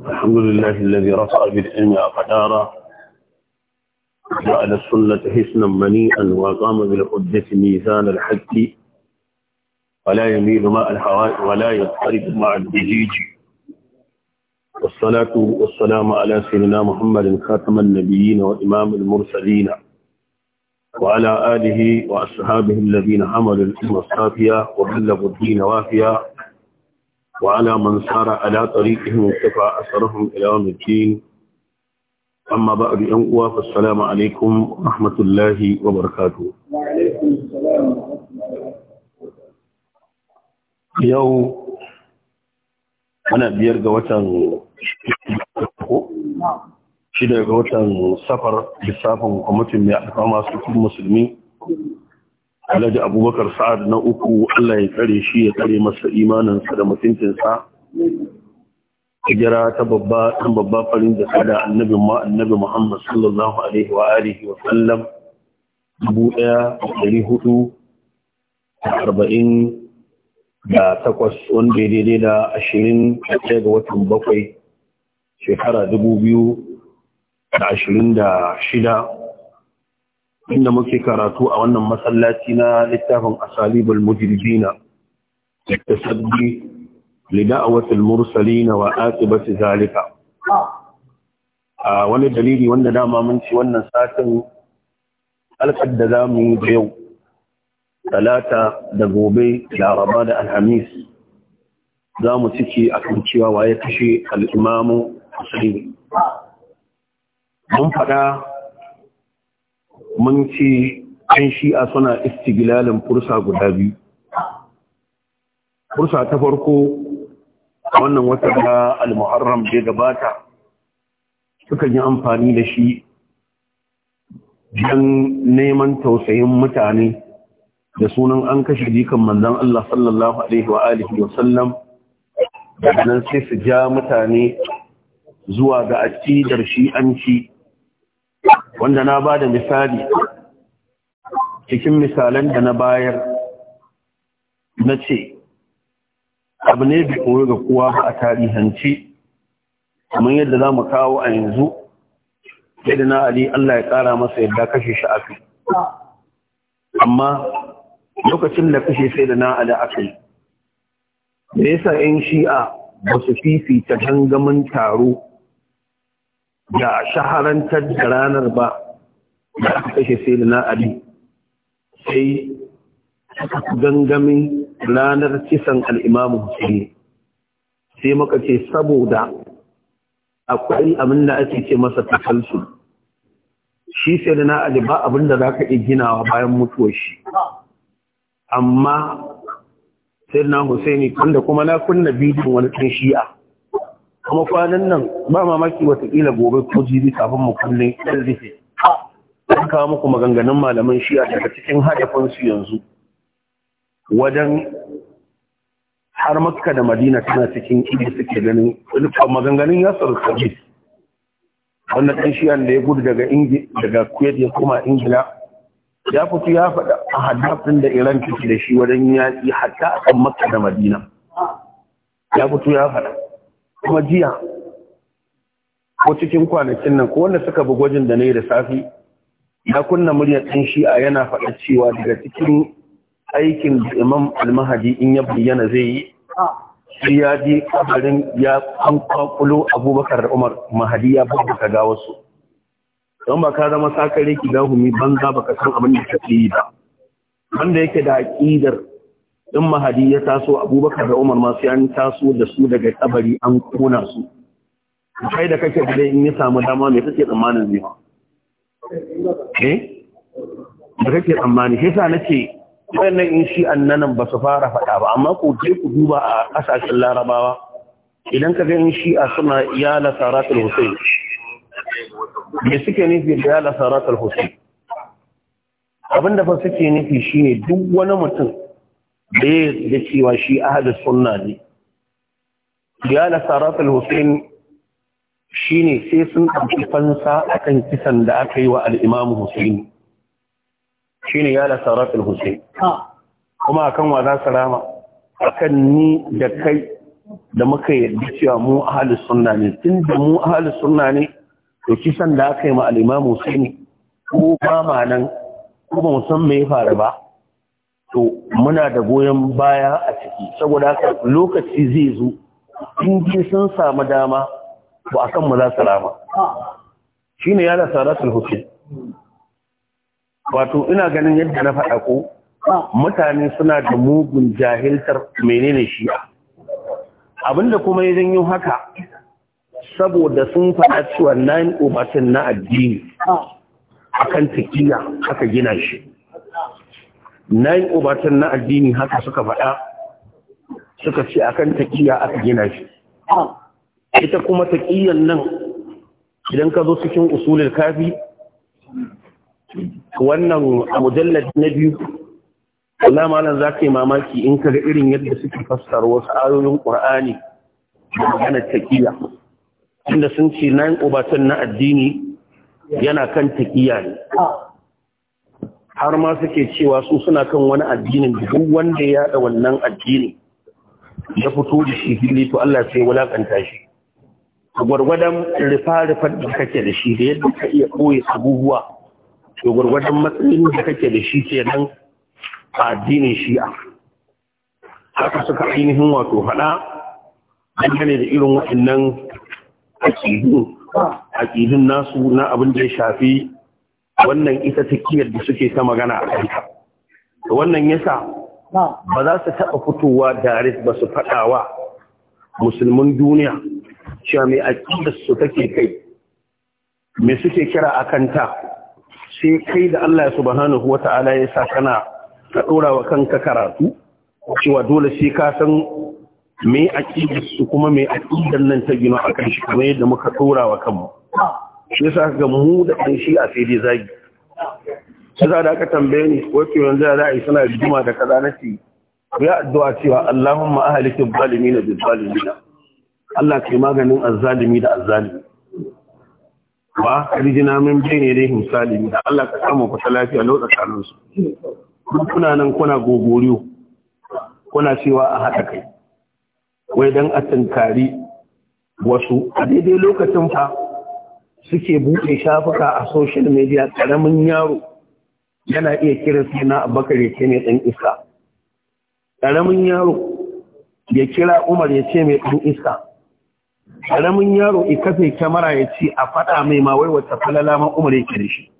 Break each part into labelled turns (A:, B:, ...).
A: الحمد لله الذي رفع بالعلم أقدارا جعل السنة حسنا منيئا وقام بالحجة ميزان الحق ولا يميل ماء الحوائج ولا يضطرب مع الدجيج والصلاة والسلام على سيدنا محمد خاتم النبيين وإمام المرسلين وعلى آله وأصحابه الذين حملوا العلم الصافية وبلغوا الدين وافيا وعلى من سار على طريقهم واتبع أثرهم إلى يوم الدين أما بعد أنقوا فالسلام عليكم ورحمة الله وبركاته وعليكم السلام ورحمة الله يوم أنا بيرجع وتن shi ga watan safar lissafin kwamitin mai masu su musulmi alhaji abubakar sa'ad na uku allah ya tsare shi ya tsare masa imaninsa da mutuncinsa gira ta babba ɗan babba farin da sada annabin ma annabi muhammad sallallahu alaihi wa alihi wa sallam dubu ɗaya ɗari hudu da arba'in da takwas wanda ya daidai da ashirin da ɗaya ga watan bakwai shekara dubu biyu da ashirin da shida inda muke karatu a wannan masallaci na littafin asalibul mujribina da sabbi lida'awatul mursalina ba su zalika a wani dalili wanda dama mun ci wannan satin alƙad da za mu yi yau talata da gobe laraba da alhamis za mu ciki a kan cewa waye kashe al'imamu husaini mun faɗa mun ce ‘yan shi'a suna istigilalin fursa guda biyu fursa ta farko wannan wata da al-muharram bai gabata Suka yi amfani da shi don neman tausayin mutane da sunan an kashe jikan manzan Allah sallallahu Alaihi wa alihi wa sallam daga nan sai su ja mutane zuwa ga aƙidar shi'anci wanda na ba da misali cikin misalan da na bayar na ce abu ne bi koyo ga kowa a tarihanci kamar yadda za mu kawo a yanzu yadda na ali Allah ya kara masa yadda kashe shi a amma lokacin da kashe sai da na ali aka yi da yasa 'yan shi'a ba su fifita gangamin taro da shaharantar da ranar ba da aka kashe sai na ali sai aka gangamin ranar kisan al'imamu Hussein sai maka ce saboda akwai abin da ake ce masa takalsu shi sai da na ali ba abin da za ka iya ginawa bayan mutuwar shi amma sai na Hussein wanda kuma na kunna bidiyon wani ɗan shi'a kuma kwanan nan ba mamaki watakila gobe ko jibi kafin mu kulle ɗan rufe an kawo muku maganganun malaman shi'a daga cikin hadafinsu yanzu wajen har makka da madina tana cikin ido suke ganin maganganun ya yasar sabis, wannan ɗan shi'an da ya gudu daga daga kuwait ya koma ingila ya fito ya faɗa a hadafin da iran ciki da shi wajen yaƙi hatta a kan makka da madina ya fito ya faɗa kuma jiya ko cikin kwanakin nan ko wanda suka bi gwajin da na yi da safi ya kunna muryar ɗin shi'a yana faɗa cewa daga cikin aikin da imam almahadi in ya bayyana zai yi sai ya je kabarin ya an kwakulo abubakar umar mahadi ya ka ga wasu don ba ka zama sakare ki ga humi banza baka san abin da kake yi ba wanda yake da aƙidar in mahadi ya taso abubakar da umar masu yan taso da su daga kabari an kona su kai da kake da in ya samu dama mai kake tsammanin zai ma eh da kake tsammani sai sa nace wannan in shi annanan ba su fara faɗa ba amma ko je ku duba a ƙasashen larabawa idan ka ga in shi a suna ya la saratul husayn me suke nufi da ya la saratul husayn abinda fa suke nufi shine duk wani mutum da da cewa shi ahli sunna ne ya sarat al husain shine sai sun dauki fansa akan kisan da aka yi wa al-imam husayn shine ya sarat al-husayn kuma akan wa za salama akan ni da kai da muka yarda cewa mu ahli sunna ne tun da mu ahli sunna ne to kisan da aka yi ma al-imam husayn ko ba ma nan ko ba mu san me ya faru ba to muna da goyon baya a ciki saboda haka lokaci zai zo in ji sun samu dama to akan mu za su rama shine yana saratul hukum wato ina ganin yadda na faɗa ko mutane suna da mugun jahiltar menene shi abinda kuma ya janyo haka saboda sun faɗa cewa yin obacin na addini akan tafiya aka gina shi na yi na addini haka suka faɗa suka ce akan taƙiya aka gina shi ita kuma taƙiyan nan idan ka zo cikin usulul kafi wannan a mujallar na biyu Allah malam za ka yi mamaki in ka ga irin yadda suke fassara wasu ayoyin ƙur'ani da maganar taƙiya inda sun ce na yin na addini yana kan taƙiya ne har ma suke cewa su suna kan wani addinin duk wanda ya da wannan addini ya fito da shi fili to Allah sai wulakanta shi gwargwadon rifa rufar da kake da shi da yadda ka iya koyi abubuwa to gwargwadon matsayin da kake da shi ke nan a addinin shi'a haka suka ainihin wato faɗa dangane da irin waɗannan aƙidun aƙidun nasu na abin da ya shafi wannan ita kiyar da suke ta magana a kanta wannan yasa ba za su taɓa fitowa daris ba su faɗawa musulmin duniya cewa mai aƙidar su take kai me suke kira a kanta sai kai da Allah subhanahu wa ta'ala ya sa kana ka ɗora wa kanka karatu cewa dole sai ka san me aƙidar su kuma mai aƙidar nan ta gina a kan shi kamar yadda muka ɗora wa kanmu shi sa ga mu da ɗan shi a sai dai zagi shi za da aka tambaye ni ko ke yanzu za a yi suna rijima da kaza na ce yi addu'a cewa Allahumma ahlikin zalimina bil na. Allah ke maganin azzalimi da azzalimi ba rijina min ne dai salimi da Allah ka kama ku lafiya lotsa kanun su kuna nan kuna gogoriyo kuna cewa a haɗa kai wai don a tunkari wasu a daidai lokacin fa suke buɗe shafuka a social media ƙaramin yaro yana iya kira suna abakar ya ce mai ɗan iska ƙaramin yaro ya kira umar ya ce mai ɗan iska ƙaramin yaro ya kafe kyamara ya ce a faɗa mai ma wai wata falala ma umar ya kira shi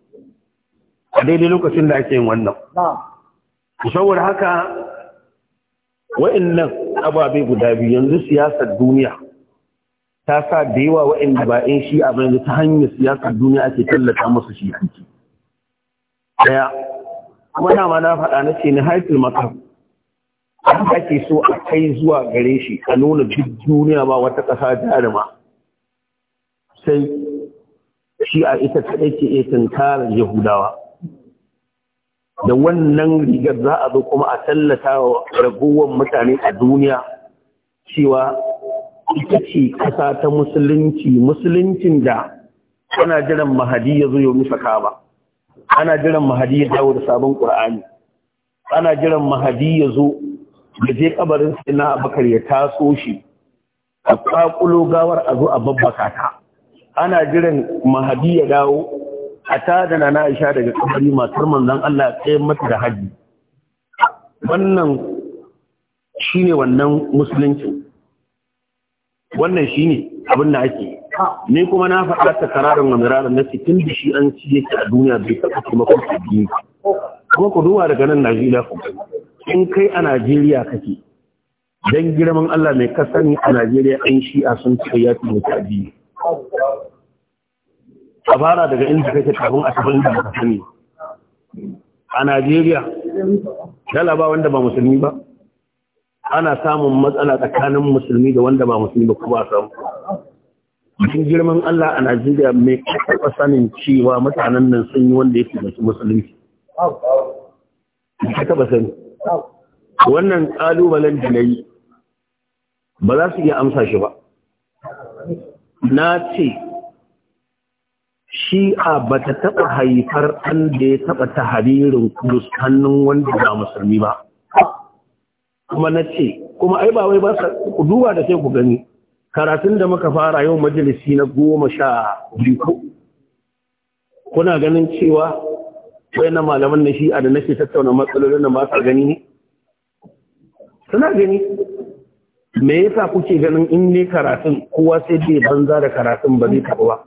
A: a daidai lokacin da ake yin wannan saboda haka wa'annan ababe guda biyu yanzu siyasar duniya ta sa da yawa waɗanda ba ‘yan shi'a a bayan ta hanyar siyasar duniya ake tallata musu shi'anci. Daya, kuma na ma na faɗa na ce ni haifin makar, an ake so a kai zuwa gare shi a nuna duk duniya ba wata ƙasa jaruma. Sai shi a ita ta ke iya tunkarar Yahudawa. Da wannan rigar za a zo kuma a tallata wa ragowar mutane a duniya cewa ita ce ƙasa ta musulunci musuluncin da ana jiran mahadi ya zo ya rusa kaba ana jiran mahadi ya dawo da sabon qur'ani ana jiran mahadi ya zo da je kabarin sina abakar ya taso shi a kwakulo gawar a zo a babbaka ta ana jiran mahadi ya dawo a tada na Aisha daga kabari matar manzon Allah sai mata da haji wannan shine wannan musulunci wannan shi ne, abin da ake ni kuma na faɗa ta kararin wa mamirarin na cikin da shi an ci yake a duniya bai taɓa kuma kuma addini kuma ku duba daga nan Najeriya ku in kai a Najeriya kake dan girman Allah mai kasani a Najeriya ɗan shi'a sun ce ya fi mutu addini a fara daga inda kake kafin a tafi inda ka sani a Najeriya dala ba wanda ba musulmi ba ana samun matsala tsakanin musulmi da wanda ba musulmi ba kuma samu cikin girman Allah a Najeriya mai kaɓa sanin cewa mutanen nan sun yi wanda yake da musulunci ka taɓa sani wannan ƙalubalen da na yi ba za su iya amsa shi ba na ce shi'a ba ta taɓa haifar an da ya taɓa ta haririn kudus hannun wanda ba musulmi ba kuma na ce kuma ai ba wai ba ku duba da sai ku gani karatun da muka fara yau majalisi na goma sha biyu kuna ganin cewa na malaman na shi a da nake tattauna matsalolin da ba sa gani ne suna gani me yasa kuke ganin in ne karatun kowa sai dai banza da karatun ba zai taɓa ba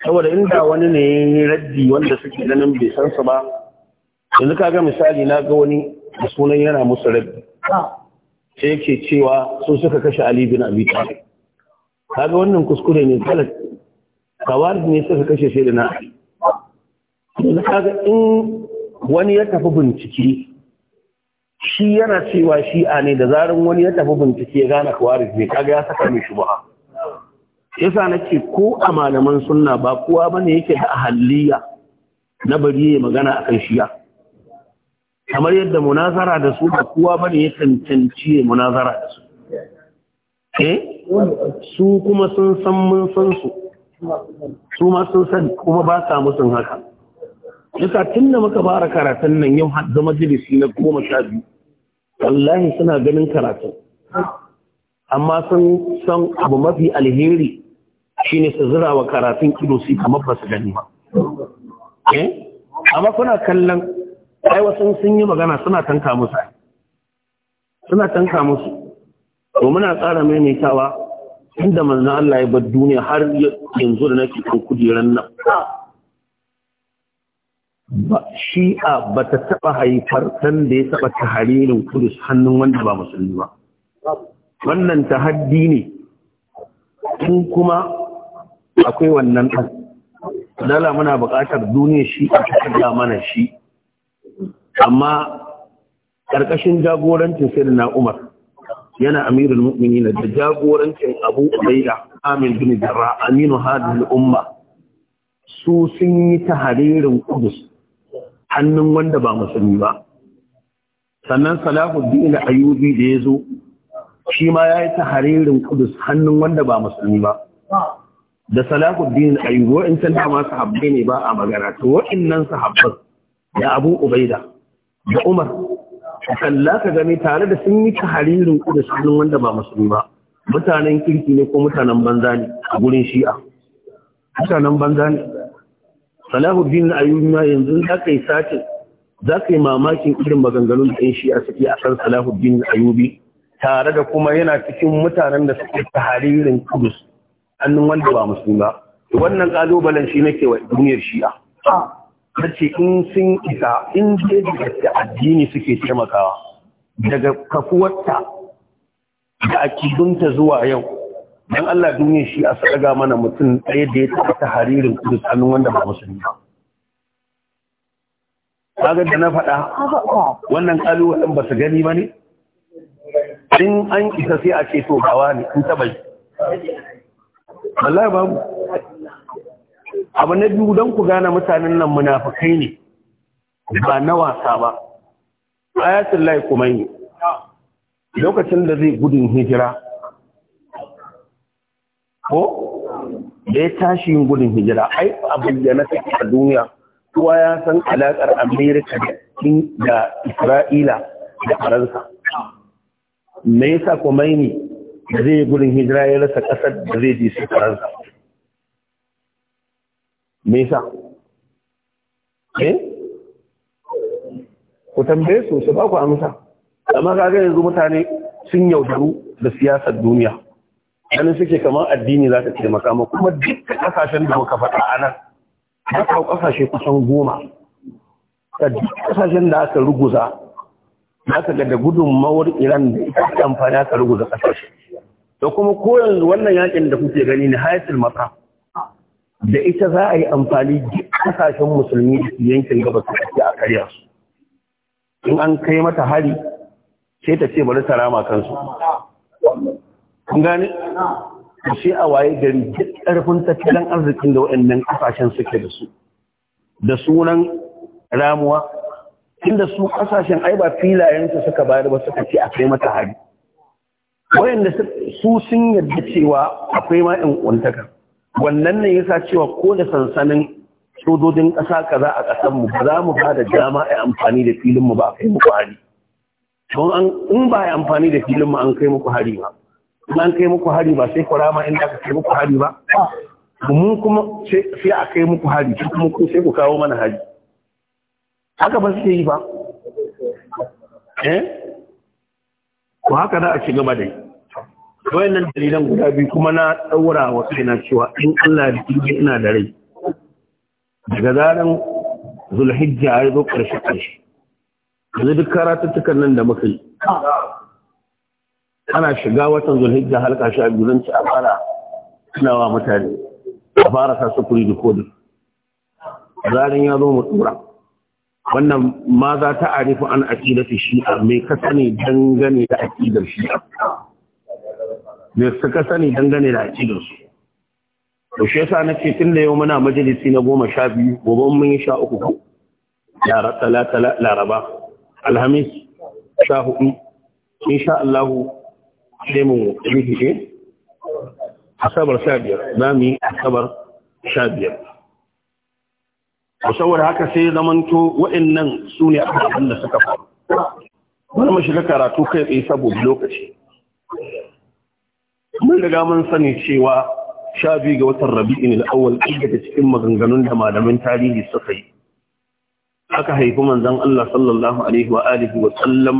A: saboda inda wani ne raddi wanda suke ganin bai san su ba yanzu ka ga misali na ga wani da sunan yana musu rabi sai yake cewa su suka kashe Ali bin Abi Talib kaga wannan kuskure ne kalat kawar ne suka kashe sai da na yanzu kaga in wani ya tafi bincike shi yana cewa shi'a ne da zarin wani ya tafi bincike ya gane kawar ne kaga ya saka mai shubha yasa nake ko a malaman sunna ba kowa bane yake da ahalliya na bari ya magana akan shi'a kamar yadda munazara da su ba kowa ne ya cancanci munazara da su eh? su kuma sun san mun san su su ma sun san kuma ba sa musun haka yasa tun da muka fara karatun nan yau har majalisi jirisi na goma sha biyu wallahi suna ganin karatun amma sun san abu mafi alheri shine su zira wa karatun ido su kamar ba su gani ba eh? amma kuna kallon ai wasu sun yi magana suna tanka musu suna tanka musu to muna tsara maimaitawa inda manzon Allah ya bar duniya har yanzu da nake kan kujerar nan ba shi'a ba ta taɓa haifar san da ya taɓa taharirin kudus hannun wanda ba musulmi ba wannan tahaddi ne in kuma akwai wannan ɗan dala muna buƙatar duniya shi'a ta kada mana shi amma ƙarƙashin jagorancin sai na umar yana amirul mu'minin da jagorancin abu ubaida amin bin jarra aminu hadin umma su sun yi haririn kudus hannun wanda ba musulmi ba sannan salahuddin ayubi da ya zo shi ma ya yi haririn kudus hannun wanda ba musulmi ba da salahuddin ayubi wa'incan dama sahabbai ne ba a magana to nan sahabbai da abu ubaida da Umar kalla ka gani tare da sun yi taharirin da sunan wanda ba musulmi ba mutanen kirki ne ko mutanen banza ne a gurin shi'a mutanen banza ne salahuddin ayyubi ma yanzu za ka yi sace za ka yi mamakin irin maganganun da shi'a suke a kan salahuddin ayyubi tare da kuma yana cikin mutanen da suke taharirin kudus hannun wanda ba musulmi ba wannan kalubalen shi nake wa duniyar shi'a ah. ta ce in sun isa in je da addini suke taimakawa daga kafuwarta da akidunta zuwa yau dan Allah duniya shi a sadaga mana mutum ɗaya da ya taɓa ta haririn kudus hannun wanda ba musulmi ba. Kaga da na faɗa wannan ƙalubalen ba su gani ba ne? In an isa sai a ce to gawa ne in taɓa yi. Wallahi babu. abu na biyu don ku gane mutanen nan munafukai ne ba na wasa ba ayatul lahi kuma yi lokacin da zai gudun hijira ko da ya tashi yin gudun hijira ai a bayyana fi a duniya Kuwa ya san alaƙar amerika da isra'ila da faransa me yasa kuma ne da zai gudun hijira ya rasa ƙasar da zai je su faransa me yasa eh ku tambaye su su ba ku amsa amma kaga yanzu mutane sun yaudaru da siyasar duniya ganin suke kamar addini za ta taimaka mu kuma duk kasashen da muka faɗa a nan kasashe kusan goma da duk kasashen da aka ruguza aka ga da gudunmawar iran da ita amfani aka ruguza kasashe da kuma ko yanzu wannan yakin da kuke gani ne hayatul matsaf da ita za a yi amfani duk kasashen musulmi da yankin su ake a karya su in an kai mata hari sai ta ce bari ta rama kansu kun gane ku sai a waye gari duk ƙarfin tattalin arzikin da waɗannan kasashen suke da su da sunan ramuwa inda su kasashen ai ba filayensu suka bayar ba suka ce a kai mata hari wayanda su sun yarda cewa akwai ma 'yan wannan ne yasa cewa ko da sansanin sojojin ƙasa kaza a ƙasar mu ba za mu ba da dama a amfani da filin mu ba a kai muku hari don an in ba a amfani da filin mu an kai muku hari ba in an kai muku hari ba sai ku rama inda aka kai muku hari ba mun kuma sai a kai muku hari kuma ku sai ku kawo mana hari haka ba suke yi ba eh ko haka za a ci gaba dai. nan dalilan guda biyu kuma na daura wa kaina cewa in Allah da kinji ina da rai daga zaran zulhijja ya zo karshe karshe yanzu duk karatuttukan nan da muka yi ana shiga watan zulhijja halka shi a gudanci a fara tunawa mutane a fara sa kuri da kodi zarin ya zo mu tura wannan ma za ta arifu an aƙidar shi'a mai kasane dangane da aƙidar shi'a da suka sani dangane da aƙidarsu da shi yasa na ce tun da yau muna majalisi na goma sha biyu gobe mun yi sha uku ko laraba alhamis sha hudu insha Allah sai mu rikice asabar sha biyar za mu yi asabar sha biyar saboda haka sai zamanto waɗannan su ne abin da suka faru bari mu shiga karatu kai tsaye saboda lokaci mun riga mun sani cewa sha biyu ga watan rabi'in al'awwal ɗaya da cikin maganganun da malamin tarihi suka yi aka haifi manzon Allah sallallahu alaihi wa alihi wa sallam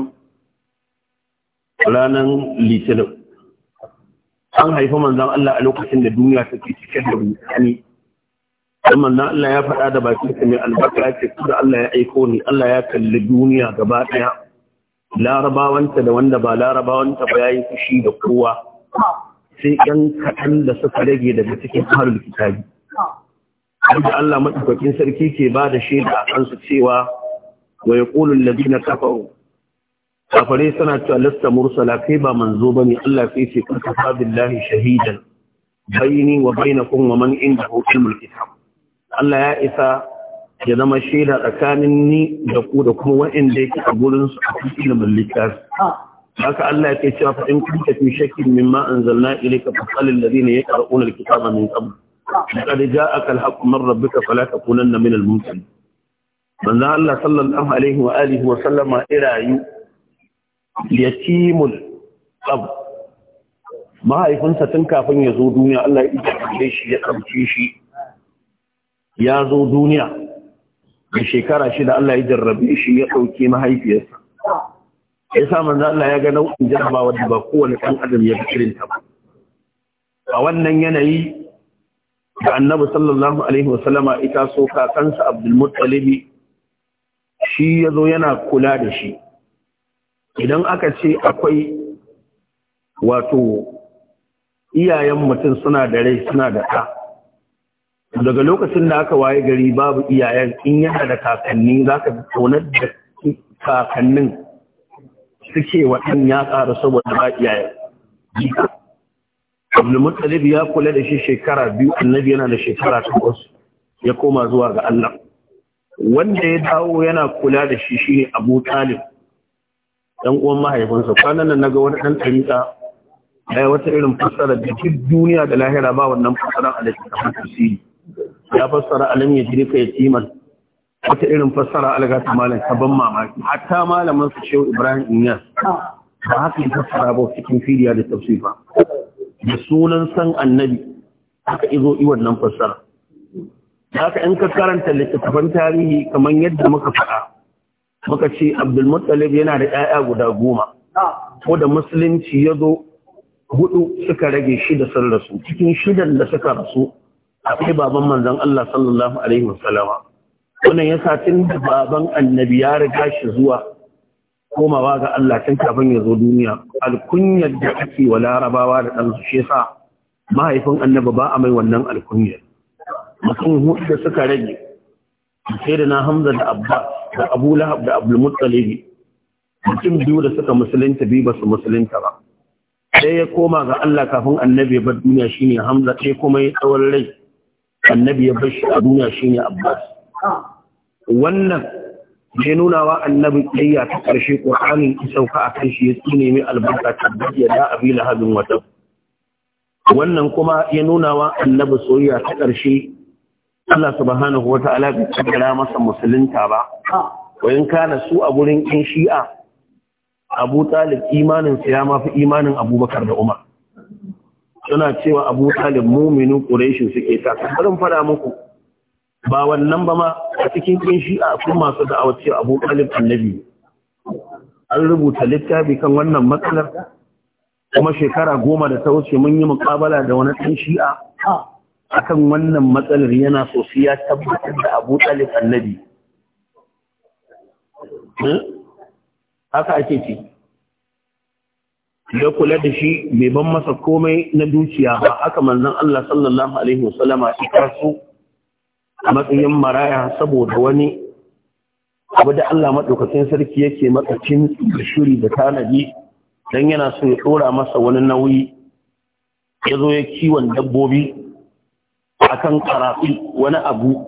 A: ranan litinin an haifi manzon Allah a lokacin da duniya take cike da rudani dan Allah ya faɗa da bakin sa mai albarka ce kuma Allah ya aiko ni Allah ya kalli duniya gaba ɗaya larabawanta da wanda ba larabawanta ba yayi fushi da kowa sai yan kaɗan da suka rage daga cikin ahlul kitabi da Allah madaukakin sarki ke ba da shaida a kansu cewa wa labi na kafaru kafare suna cewa mursala kai ba manzo ba ne. Allah sai ce kun kafa billahi shahidan baini wa kun wa man indahu mulki kitab Allah ya isa ya zama shaida tsakanin ni da ku da kuma wa'anda yake a gurinsu su a cikin ilmin littafi haka Allah ya yake cewa fa in kunta fi shakkin mimma anzalna ilayka fasal alladhina yaqra'una alkitaba min qabl laqad ja'aka alhaqqu min rabbika fala takunanna min almumtarin manzo Allah sallallahu alaihi wa alihi wa sallama irayu yatimul qab mahaifinsa tun kafin ya zo duniya Allah ya ije shi ya tsamce shi ya zo duniya da shekara shida Allah ya jarrabe shi ya dauke mahaifiyarsa yasa manzo Allah ya ga nau'in jaraba wanda ba kowane ɗan adam ya fikirin ta ba a wannan yanayi da annabi sallallahu alaihi wasallama ita so kakansa Abdul Muttalib shi yazo yana kula da shi idan aka ce akwai wato iyayen mutum suna da rai suna da ta. daga lokacin da aka waye gari babu iyayen in yana da kakanni zaka ka tonar da kakannin suke wa ɗan ya ƙara saboda ba jika. Abu Mutalib ya kula da shi shekara biyu annabi yana da shekara takwas ya koma zuwa ga Allah wanda ya dawo yana kula da shi shine Abu Talib dan uwan mahaifinsa kwanan nan ga wani dan tarika ya wata irin fassara da duk duniya da lahira ba wannan fassara a littafin tafsiri ya fassara alam ya ya yatiman wata irin fassara algata malam ta ban mamaki hatta malamin su shehu ibrahim inyas ba haka yi fassara ba cikin filiya da tafsir ba da sunan san annabi haka izo iwan nan fassara haka in ka karanta littattafan tarihi kamar yadda muka faɗa muka ce abdulmuttalib yana da 'ya'ya guda goma ko da musulunci ya zo hudu suka rage shida sun rasu cikin shidan da suka rasu akwai baban manzon Allah sallallahu alaihi wasallama wannan yasa tun da baban annabi ya riga shi zuwa komawa ga Allah tun kafin ya zo duniya alkunyar da ake wa larabawa da ɗansu shi sa mahaifin annabi ba a mai wannan alkunyar mutum hudu da suka rage sai da na hamza da abba da abu lahab da abdulmuttalibi mutum biyu da suka musulunta biyu ba su musulunta ba sai ya koma ga Allah kafin annabi ya bar duniya shine hamza sai kuma ya tsawon rai annabi ya bar shi a duniya shine abbas wannan ya nuna wa annabi kiyayya ta ƙarshe ƙur'anin ki sauka a kan shi ya tsine mai albarka ta bayyana da abi lahabin wata wannan kuma ya nuna wa annabi soyayya ta ƙarshe Allah subhanahu wa ta'ala bai kaddara masa musulunta ba wayan kana su a wurin kin shi'a Abu Talib imanin sa ya mafi imanin Abubakar da Umar suna cewa Abu Talib muminin Quraish suke ta bari fara muku ba wannan ba ma a cikin kin shi a kun masu da'awa abu ɗalib annabi an rubuta littafi kan wannan matsalar kuma shekara goma da ta wuce mun yi muƙabala da wani ɗan shi'a akan wannan matsalar yana sosai ya tabbatar da abu ɗalib annabi hmm? haka ake ce da kula da shi bai ban masa komai na dukiya ba haka manzon Allah sallallahu alaihi wasallama ya karso a matsayin maraya saboda wani abu da Allah maɗaukacin sarki yake matsacin da shiri da tanadi don yana so ya ɗora masa wani nauyi ya zo ya kiwon dabbobi a kan karafi wani abu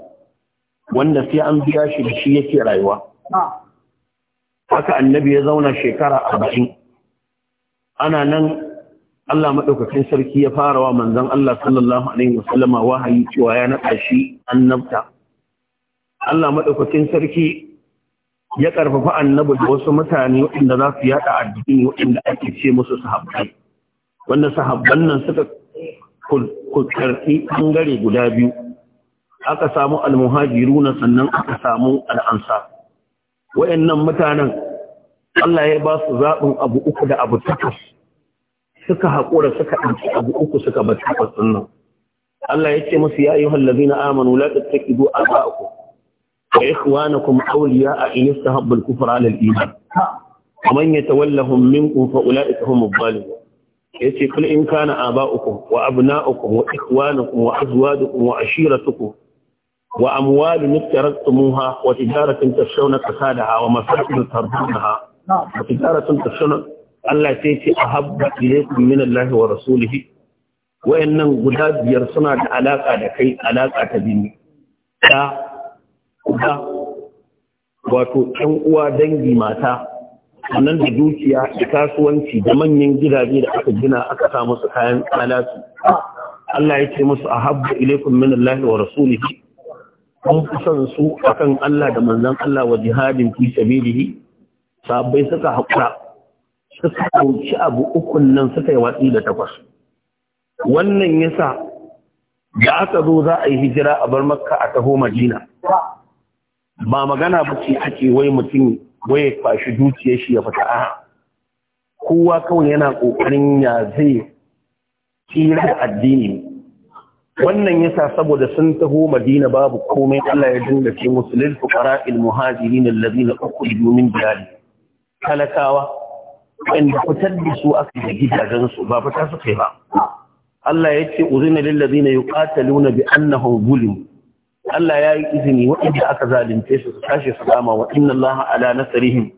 A: wanda sai an biya shi da shi yake rayuwa haka annabi ya zauna shekara arba'in ana nan Allah maɗaukakin sarki ya fara wa manzon Allah sallallahu alaihi wahayi cewa ya naɗa shi annabta Allah maɗaukakin sarki ya ƙarfafa Annabu da wasu mutane waɗanda za su yaɗa addini waɗanda ake ce musu sahabbai wanda sahabban nan suka karɓi ɓangare guda biyu aka samu almuhajiruna sannan aka samu al'ansa wayannan mutanen Allah ya ba su zaɓin abu uku da abu takwas suka haƙura suka ɗauki abu uku suka bar takwas ɗin nan Allah ya ce musu ya yi ayyuhal na amanu la tattakidu aba'akum wa ikhwanakum awliya'a in istahabbu al-kufra 'ala al-iman wa man yatawallahum minkum fa ulaika hum adh Ya ce kul in kana uku, wa abu na uku, wa ikhwanakum wa azuwa da azwajukum wa Wa amuwali ashiratukum وأموال افترضتموها وتجارة تخشون كسادها ومساكن ترضونها وتجارة تخشون Allah sai ce a ahabba ilaykum min Allah wa rasulih wayannan guda biyar suna da alaka da kai alaka ta bini da da wato ɗan uwa dangi mata sannan da dukiya da kasuwanci da manyan gidaje da aka gina aka sa musu kayan alaki Allah ya ce musu habba ilaykum min Allah wa rasulih kun san su akan Allah da manzon Allah wa jihadin fi sabilihi sabai suka haƙura suka ɗauki abu ukun nan suka yi watsi da takwas wannan yasa da aka zo za a yi hijira a bar makka a taho madina ba magana ba ce ake wai mutum wai kwashi dukiyar shi ya fita kowa kawai yana ƙoƙarin ya zai tsira da addini wannan yasa saboda sun taho madina babu komai Allah ya dinga ce musu lil fuqara al muhajirin alladhina ukhriju min diyari talakawa waɗanda fitar da su aka da gidajensu ba fita su kai ba Allah ya ce uzina lillazi na yuqataluna bi annahum zulim Allah ya yi izini waɗanda aka zalunce su su tashi su dama wa inna Allah ala nasrihim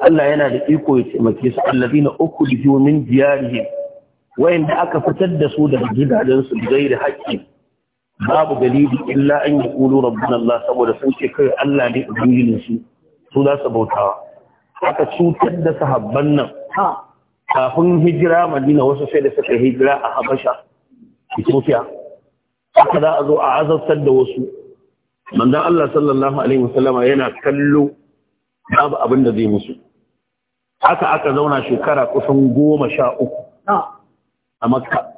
A: Allah yana da iko ya taimake su allazina ukhriju min diyarihim wayanda aka fitar da su daga gidajensu da gairi haƙƙi babu dalili illa an yaqulu rabbana Allah saboda sun ce kai Allah ne ubangijinsu su za su bautawa aka cutar da sahabban nan kafin hijira madina wasu sai da suka hijira a habasha ethiopia aka za a zo a azabtar da wasu manzan Allah sallallahu alaihi wasallama yana kallo babu abin da zai musu haka aka zauna shekara kusan goma sha uku a makka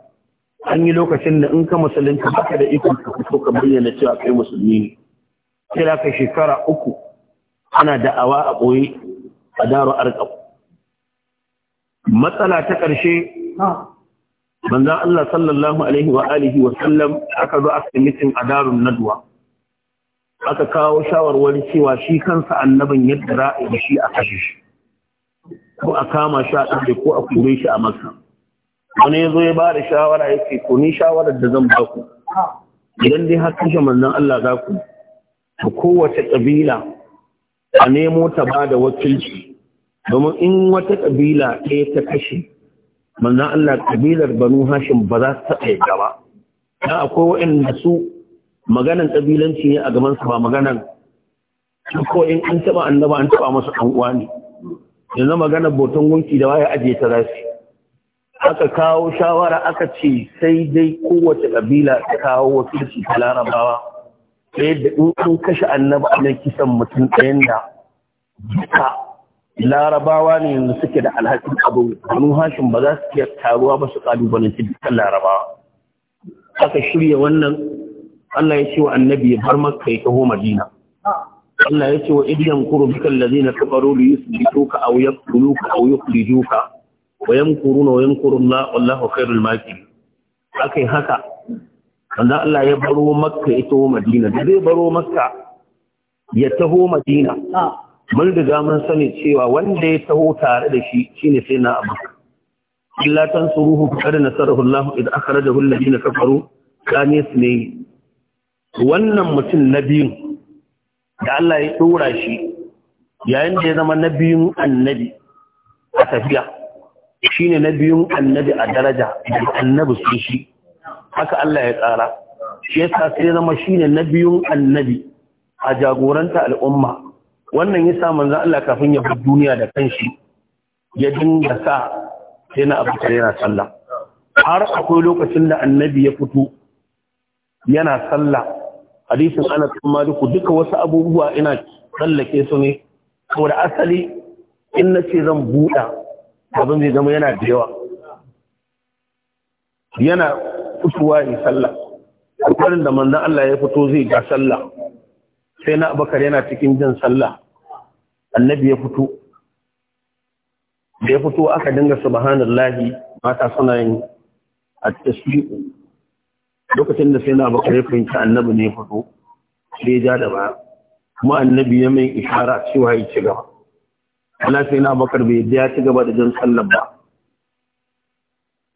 A: an yi lokacin da in ka musulunci baka da ikon ka fito ka bayyana cewa kai musulmi ne sai da shekara uku ana da'awa a ɓoye a daru matsala ta ƙarshe manzon Allah sallallahu alaihi wa alihi wa sallam aka zo aka mitin a darun nadwa aka kawo shawarwar cewa shi kansa annabin yadda ra'ayi shi a kashe shi ko a kama shi a ɗaure ko a kure shi a masa wani ya zo ya ba da shawara ya ce ko ni shawarar da zan ba ku. idan dai har kashe manzon Allah za ku kowace ƙabila a nemo ta ba da wakilci domin in wata kabila ɗaya ta kashe manzan Allah kabilar banu hashin ba za su taɓa yadda ba dan akwai waɗanda su maganan kabilanci ne a gaban ba maganan ko in an taɓa annaba an taɓa masu ɗan ne yanzu maganar boton gunki da waye ajiye ta zafi? aka kawo shawara aka ce sai dai kowace kabila ta kawo wakilci ta larabawa ta yadda in kashe kashe annabi mai kisan mutum ɗayan da duka larabawa ne yanzu suke da alhakin abu banu hashin ba za su iya taruwa ba su kalubalanci dukkan larabawa aka shirya wannan Allah ya ce wa annabi ya bar makka ya taho madina Allah ya ce wa idan kuru bikan lazina kafaru li a aw yaqtuluka aw yukhrijuka wa yamkuruna wa yamkuru Allah wallahu khairul makirin akai haka manzon Allah ya baro makka ya taho madina da zai baro makka ya taho madina ah. mun riga mun sani cewa wanda ya taho tare da shi shine sai na abu illa tansuruhu faqad nasarahu Allah idh akhrajahu alladhina kafaru su ne wannan mutum na biyun da Allah ya dora shi yayin da ya zama na biyun annabi a tafiya shine na biyun annabi a daraja da annabi sun shi haka Allah ya tsara shi yasa sai zama shine na biyun annabi a jagoranta al'umma wannan yasa manzon Allah kafin ya bar duniya da kanshi ya dinga sa yana abu yana sallah har akwai lokacin da annabi ya fito yana sallah hadisin Anas bin Malik duka wasu abubuwa ina tsallake su ne saboda asali in nace zan buɗa abin zai zama yana da yawa yana fitowa yi sallah kokarin da manzan Allah ya fito zai ga sallah sai na abakar yana cikin jin sallah annabi ya fito da ya fito aka dinga subhanallahi mata suna yin at-tasbihu lokacin da sai na abakar ya fahimci annabi ne ya fito sai ja da ba kuma annabi ya mai ishara cewa ya ci gaba ana sai na abakar bai ya ci gaba da jin sallah ba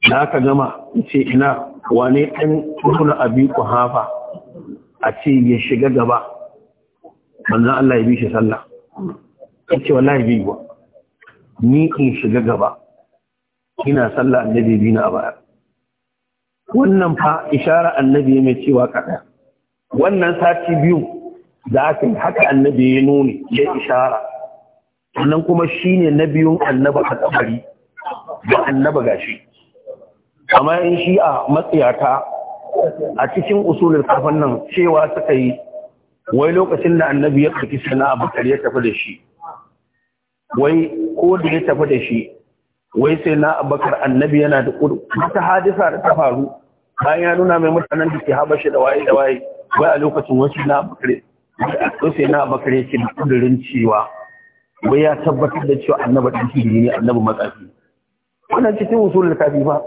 A: da aka gama ce ina wane ɗan ibn abi hafa a ce ya shiga gaba manzan Allah ya bi shi sallah yace wallahi bi wa ni in shiga gaba ina sallah annabi bi na baya wannan fa ishara annabi mai cewa kada wannan sati biyu da aka yi haka annabi ya nuni ya ishara sannan kuma shi ne na biyun annaba a kabari ba annaba gashi amma yin shi a matsiyata a cikin usulul kafan nan cewa suka yi wai lokacin da annabi ya karki sana bakar ya tafi da shi wai ko da ya tafi da shi wai sai na bakar annabi yana da kudu wata hadisa da ta faru bayan ya nuna mai mutanen da ke habashi da waye da waye wai a lokacin wasu na abubakar sai na bakar ya ce da kudurin cewa wai ya tabbatar da cewa annabi ɗan ne annabi matsafi wannan cikin usulul kafi ba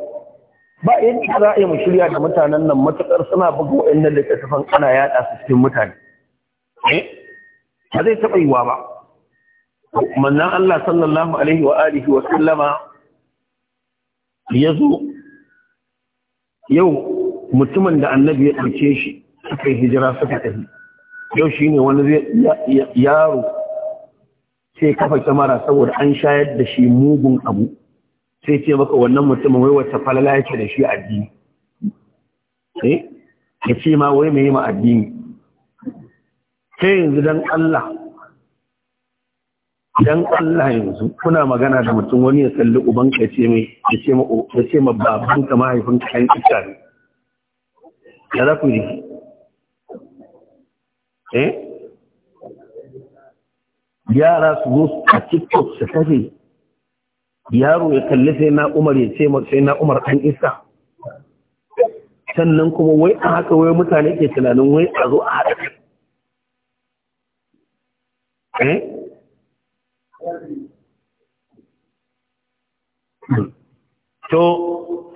A: ba yadda za a yi mu shirya da mutanen nan matuƙar suna buga da littattafan ana yaɗa su cikin mutane eh? ba zai taɓa yiwa ba mannan Allah sallallahu alaihi wa alihi wa sallama ya zo yau mutumin da annabi ya ɗauke shi suka yi hijira suka tafi yau shi ne wani zai yaro sai kafa kyamara saboda an shayar da shi mugun abu sai ce maka wannan mutumin wai wata falala yake da shi addini eh ya ce ma wai mai yi ma addini sai yanzu dan Allah dan Allah yanzu kuna magana da mutum wani ya salli uban ka ce mai ya ce ma ya ce ma baban ka mahaifin ka kan iska ne ya za ku yi eh yara su zo a TikTok su kafe yaro ya kalli sai na umar ya ce sai na umar an iska sannan kuma wai a haka wai mutane ke tunanin wai a zo a haɗa eh? to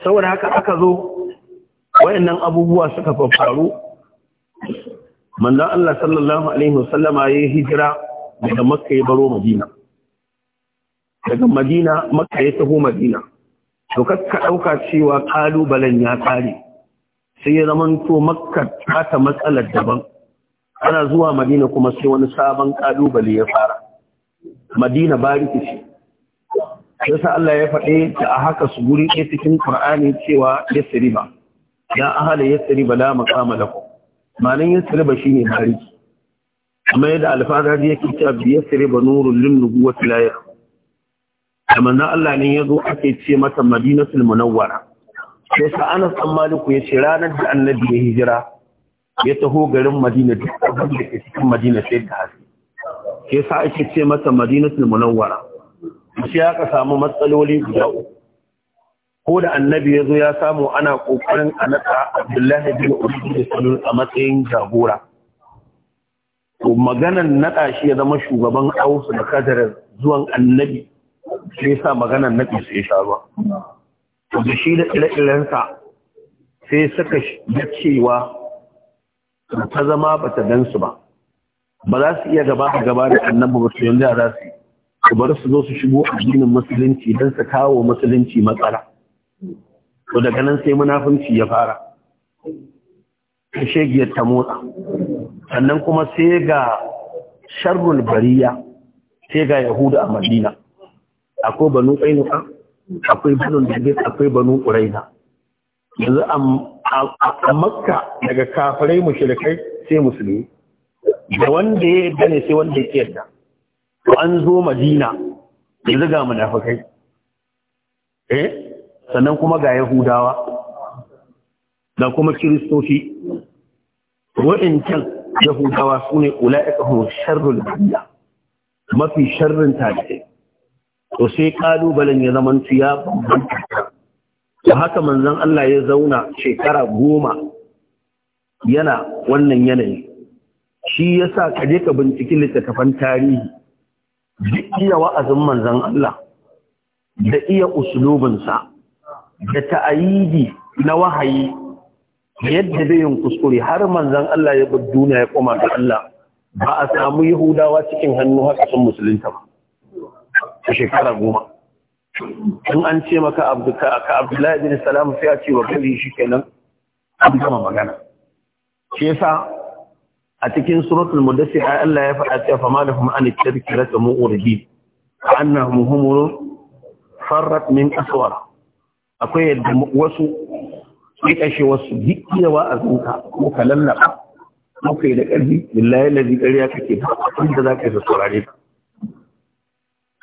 A: saboda haka aka zo wayannan abubuwa suka faru manzon Allah sallallahu alaihi wasallama yayin hijira daga Makka ya baro Madina daga madina maka ya taho madina to kakka ɗauka cewa ƙalubalen ya ƙare sai ya zama to makka ta matsalar daban ana zuwa madina kuma sai wani sabon ƙalubale ya fara madina ba rikici yasa Allah ya faɗe da a haka su guri ɗaya cikin Qur'ani cewa yasriba ya ahala yasriba la maqama lakum malan yasriba shine bariki amma yadda alfazar yake cewa bi yasriba nurul lin nubuwati la yakun da manzan Allah ne ya zo ake ce mata Madinatul Munawwara sai sa Anas dan Maliku ya ce ranar da Annabi ya hijira ya taho garin Madina duk da ke cikin Madina sai da hasi sai sa ake ce mata Madinatul Munawwara shi ya ka samu matsaloli guda uku ko da annabi ya zo ya samu ana kokarin a nata abdullahi bin urudu da salul a matsayin jagora to maganan naɗa shi ya zama shugaban ausu da kadarar zuwan annabi sai sa maganar na ƙisa ya sha ruwa to da shi da ire sai suka da cewa ta zama ba ta su ba ba za su iya gaba a gaba da annabi ba su yanzu za su bar su zo su shigo addinin musulunci don su kawo musulunci matsala to daga nan sai munafunci ya fara shegiyar ta motsa sannan kuma sai ga sharrul bariya sai ga yahuda a madina akwai banu ƙainuka akwai banu nadir akwai banu ƙuraina yanzu a makka daga kafirai mushrikai sai musulmi da wanda ya yarda ne sai wanda ya yadda. to an zo madina yanzu ga munafikai eh sannan kuma ga yahudawa da kuma kiristoci wa'incan yahudawa su ne ula'ika hum sharrul mafi sharrin tarihi to sai kalubalen ya zama ya bambanta haka manzon Allah ya zauna shekara goma yana wannan yanayi shi yasa ka je ka binciki littattafan tarihi duk iya wa'azin manzon Allah da iya uslubinsa da ta'ayidi na wahayi yadda bai yin kuskure har manzon Allah ya bi duniya ya koma ga Allah ba a samu Yahudawa cikin hannu haka sun musulunta ba a shekara goma in an ce maka ka abdullahi bin Salamu sai a ce wa kali shi kenan an gama magana shi yasa a cikin suratul mudassir Allah ya faɗa cewa fa malakum an tadhkiratu mu'ridi annahum humurun farrat min Aswar akwai yadda wasu sai kashe wasu dikkiyawa a zuka ko kalalla ko kai da karfi billahi ladhi kariya kake da za ka yi saurare ka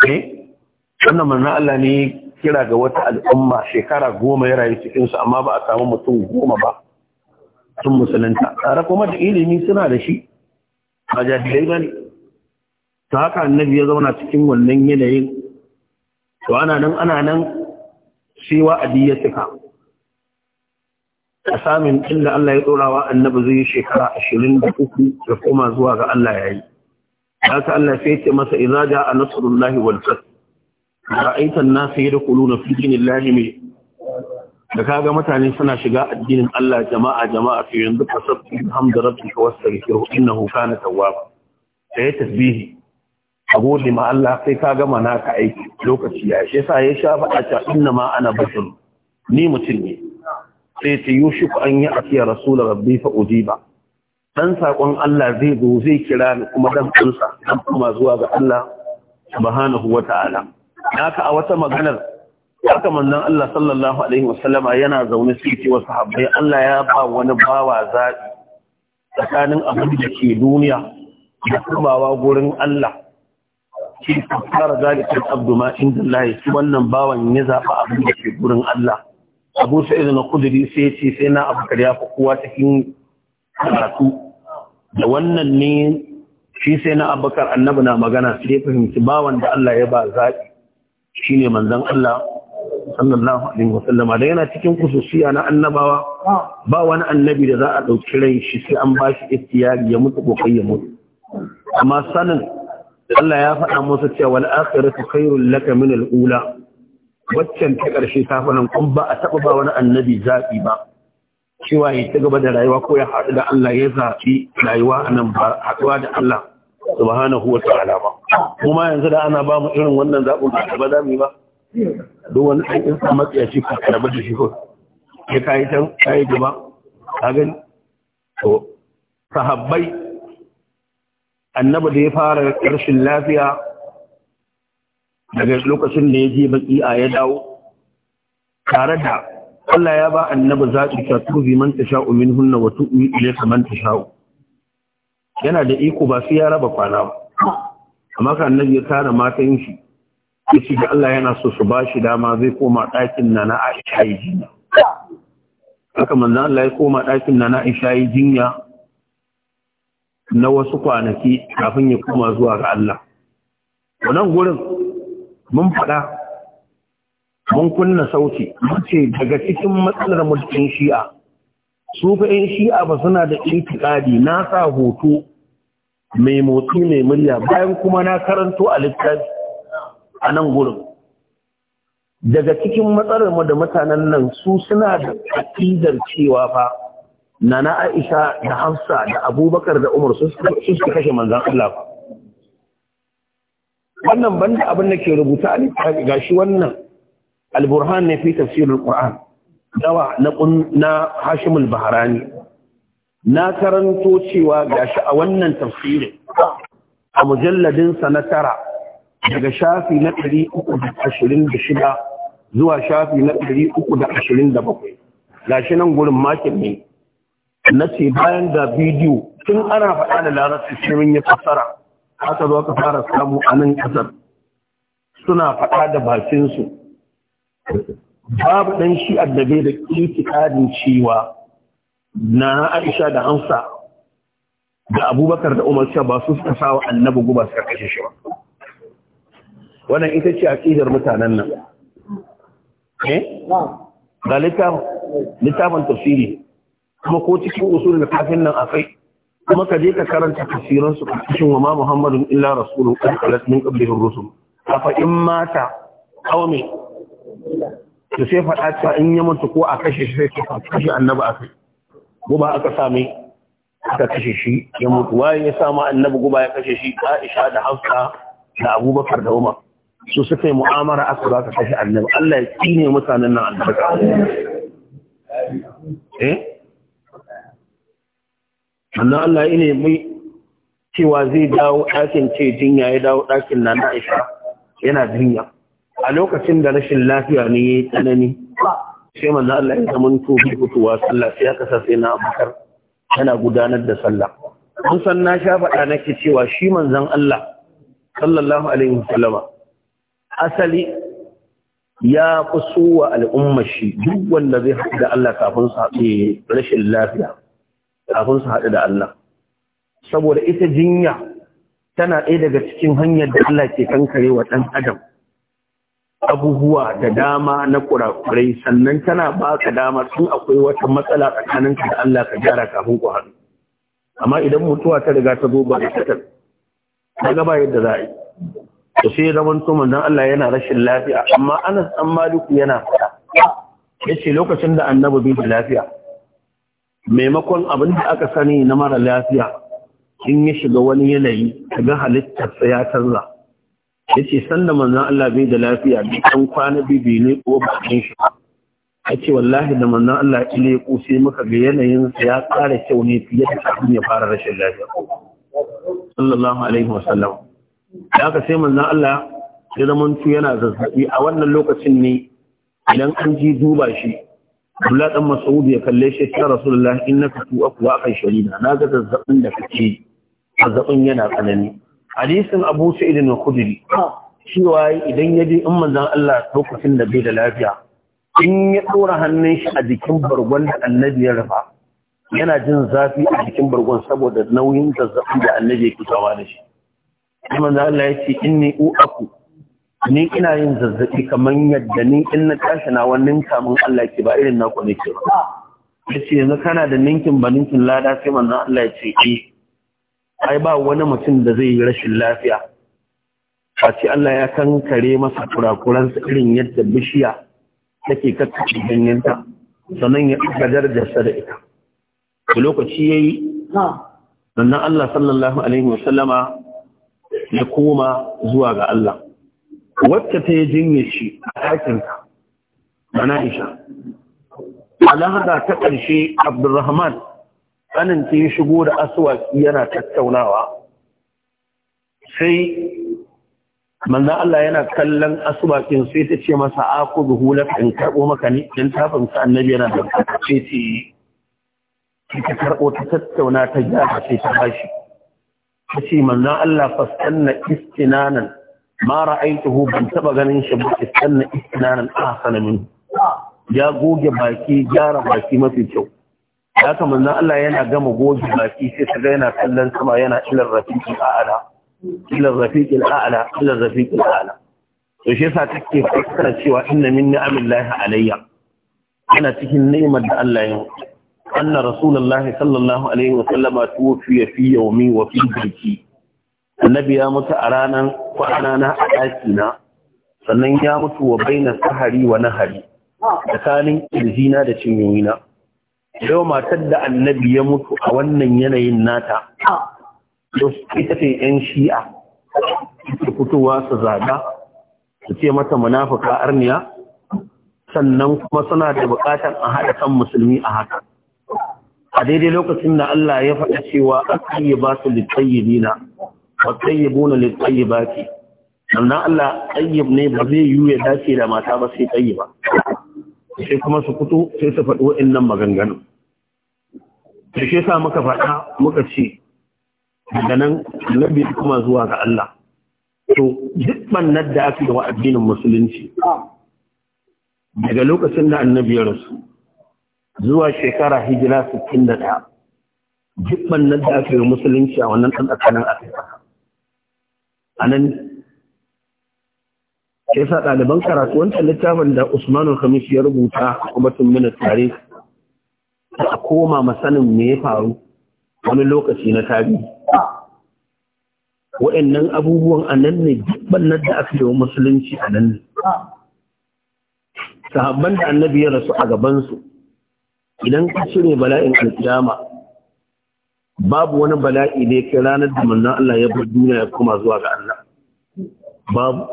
A: ne wannan mana Allah ne kira ga wata al'umma shekara goma ya rayu cikinsu, amma ba a samu mutum goma ba sun musulunta Tare, kuma da ilimi suna da shi A jahilai ba ne to haka annabi ya zauna cikin wannan yanayin to ana nan ana nan sai wa'adi suka cika samun inda Allah ya ɗorawa annabi zai yi shekara ashirin da uku da koma zuwa ga Allah ya yi. haka Allah sai ce masa idza jaa nasrullahi wal fath ra'aita an Kulu yadkhuluna fi dinillahi mi da kaga mutane suna shiga addinin Allah jama'a jama'a fi yanzu fasabbi hamda rabbika wastaghfiruhu innahu kana tawwaba sai tasbihi a ma Allah sai ka gama naka aiki lokaci ya shi yasa ya sha faɗa ta inna ma ana bashar ni mutum ne sai ta yushiku an yi asiya rasul rabbi fa ujiba dan sakon Allah zai zo zai kira ni kuma dan kunsa dan kuma zuwa ga Allah subhanahu ta'ala haka a wata maganar haka manzon Allah sallallahu alaihi wasallama yana zaune sai ce wa sahabbai Allah ya ba wani bawa zabi tsakanin abin da ke duniya da kumawa gurin Allah shi fara zalikin abdu ma inda Allah shi wannan bawan ya zaba abin da ke gurin Allah Abu Sa'id na Khudri sai ce sai na abu ya fi kowa cikin karatu da wannan ne shi sai na abakar annabi na magana sai fahimci ba wanda Allah ya ba zaɓi ne manzan Allah sallallahu alaihi wasallama. da yana cikin kususiya na annabawa ba wani annabi da za a ɗauki rai shi sai an ba shi ittiyari ya mutu ko kai ya mutu amma sanin Allah ya faɗa musu cewa wal akhiratu khairul laka min al ula waccan ta ƙarshe ta nan kun ba a taɓa ba wani annabi zaɓi ba cewa ya ci gaba da rayuwa ko ya haɗu da Allah ya zaɓi rayuwa a nan ba haɗuwa da Allah subhanahu wa ta'ala ba kuma yanzu da ana ba mu irin wannan zaɓin ba ba za mu yi ba duk wani ɗan in san matsiya shi ko karɓar da shi ko ya kayi can kayi gaba ka gani to sahabbai annabi da ya fara ƙarshen lafiya daga lokacin da ya je baƙi a ya dawo tare da Allah ya ba annabi zaɓi ta tuzi man ta sha'u min hunna wa tu'mi ilayka man ta sha'u yana da iko ba sai ya raba kwana ba amma ka annabi ya tara matan shi yace da Allah yana so su ba shi dama zai koma ɗakin na na Aisha yi jinya haka manzo Allah ya koma ɗakin na na Aisha yi jinya na wasu kwanaki kafin ya koma zuwa ga Allah wannan gurin mun faɗa mun kunna sauti ce daga cikin matsalar mulkin shi'a su fa yan shi'a ba suna da itikadi na sa hoto mai motsi mai murya bayan kuma na karanto a littafi a nan gurin daga cikin matsalar mu da mutanen nan su suna da aqidar cewa fa nana Aisha da Hafsa da Abubakar da Umar su suka kashe manzon Allah wannan banda abin da ke rubuta a littafi gashi wannan al-burhan ne fi tafsirul qur'an dawa na na hashim al-bahrani na karanto cewa gashi a wannan tafsirin a mujalladin sa na tara daga shafi na 326 zuwa shafi na 327 gashi nan gurin makin ne na ce bayan da bidiyo tun ana faɗa da larabci shirin ya fassara aka zo ka fara samu a nan ƙasar suna faɗa da bakinsu babu ɗan shi addabe da ƙarin cewa na Aisha da Hamsa da Abubakar da Umar cewa ba su suka sawa annabi guba suka kashe shi ba. Wannan ita ce aqidar mutanen nan. Eh? Ga littafin tafsiri kuma ko cikin usul da kafin nan kai, kuma ka je ka karanta tafsirin su cikin wa ma Muhammadun illa rasulun qad min ƙabbihin rusul afa in mata to sai faɗa cewa in ya mutu ko a kashe shi sai ka kashe annabi akai guba aka same aka kashe shi ya mutu waye ya sama annabi guba ya kashe shi Aisha da Hafsa da Abubakar da Umar su suka yi mu'amara aka za ka kashe annabi Allah ya tsine mutanen nan albarka eh annan Allah ine mai cewa zai dawo ɗakin ce jinya ya dawo ɗakin na Aisha yana jinya a lokacin da rashin lafiya ne ya yi tsanani sai manzo Allah ya zama to fitowa sallah sai aka sa sai na Abubakar yana gudanar da sallah kun san na sha faɗa nake cewa shi zan Allah sallallahu alaihi wasallama asali ya wa al'ummar shi duk wanda zai haɗu da Allah kafin su haɗu rashin lafiya kafin su haɗu da Allah saboda ita jinya tana ɗaya daga cikin hanyar da Allah ke kankare wa ɗan adam abubuwa da dama na kurakurai sannan tana baka dama tun akwai wata matsala tsakanin ka da Allah ka gyara kafin ku haɗu amma idan mutuwa ta riga ta zo ba da ta gaba yadda za a yi to sai zaman to manzon Allah yana rashin lafiya amma Anas dan Maliku yana Ya yace lokacin da annabi bai lafiya maimakon abin da aka sani na mara lafiya in ya shiga wani yanayi ga halittar ya canza ya ce sanda manzan Allah bai da lafiya bai kan kwana bibi ne ko bakin shi yace wallahi da manzan Allah ile ya sai muka ga yanayin sa ya kara kyau ne fiye da kafin ya fara rashin lafiya sallallahu alaihi wasallam da aka sai manzan Allah ya zama yana zazzaɓi a wannan lokacin ne idan an ji duba shi Abdullah dan Mas'ud ya kalle shi ya Rasulullah innaka tu'afu wa akai Na naga zazzabin da kake zazzabin yana tsanani hadisin abu sa'id ibn khudri ah. cewa idan ya ji in manzan Allah lokacin da bai da lafiya in ya dora hannun shi a jikin bargon da annabi ya rafa yana jin zafi a jikin bargon saboda nauyin zafi da annabi fi tawa da shi In manzon Allah ya ce inni u'aku ni ina yin zazzabi kamar yadda ni in na tashi na wannan kamun Allah ke ba irin naku ne ke ba ah. yace yanzu kana da ninkin ba ninkin lada sai manzon Allah ya ce eh ai ba wani mutum da zai yi rashin lafiya ce Allah ya kankare masa kurakuran irin yadda bishiya take kakkace ganyenta sannan ya ɗaga darajarsa da ita lokaci ya yi sannan Allah sallallahu alaihi wasallama ya koma zuwa ga Allah wacce ta yi jinye shi a ɗakinsa na Aisha. Alhada ta ƙarshe Abdulrahman kanin ta ya shigo da asuwaki yana tattaunawa sai manzan Allah yana kallon asubakin sai ta ce masa aku zuhu na in karɓo maka ni in tafin fahimta annabi yana da ce ce ta karɓo ta tattauna ta gyara sai ta bashi ta ce manzan Allah fastanna istinanan ma ra'aituhu ban taɓa ganin shi ba istanna istinanan ahsana min ya goge baki gyara baki mafi kyau haka manzon Allah yana gama goge baki sai ga yana kallon sama yana ilar rafiqil a'la ilar rafiqil a'la ilar rafiqil a'la to shi yasa take fassara cewa inna min ni'amillahi alayya ana cikin ni'imar da Allah ya anna rasulullahi sallallahu alaihi wa sallama tuwfiya fi yawmi wa fi dhiki annabi ya mutu a ranan kwana na a daki na sannan ya mutu wa baina sahari wa nahari tsakanin kirjina da cinyoyina yau matar da annabi ya mutu a wannan yanayin nata ita ce yan shi'a su fitowa su zaga su ce mata munafuka arniya sannan kuma suna da bukatar a haɗa kan musulmi a haka a daidai lokacin da Allah ya faɗa cewa akai ba su litayyibina wa ba ke sannan Allah tayyib ne ba zai yiwu ya dace da mata ba sai ba sai kuma su fito sai su faɗi waɗannan maganganu da shi sa muka faɗa muka ce daga nan annabi kuma zuwa ga Allah to duk bannar da aka yi wa addinin musulunci daga lokacin da annabi ya rasu zuwa shekara hijira 61 duk bannar da aka yi musulunci a wannan ɗan tsakanin afirka a nan sai sa ɗaliban karatu wancan littafin da usmanul khamis ya rubuta kuma tun mina tarihi. a koma masanin me ya faru wani lokaci na tarihi waɗannan abubuwan a nan ne nan da aka yi musulunci a nan ne sahabban da annabi ya rasu a gabansu idan ka cire bala'in alƙiyama, babu wani bala'i ne kai ranar da manna Allah ya bar duniya ya koma zuwa ga Allah babu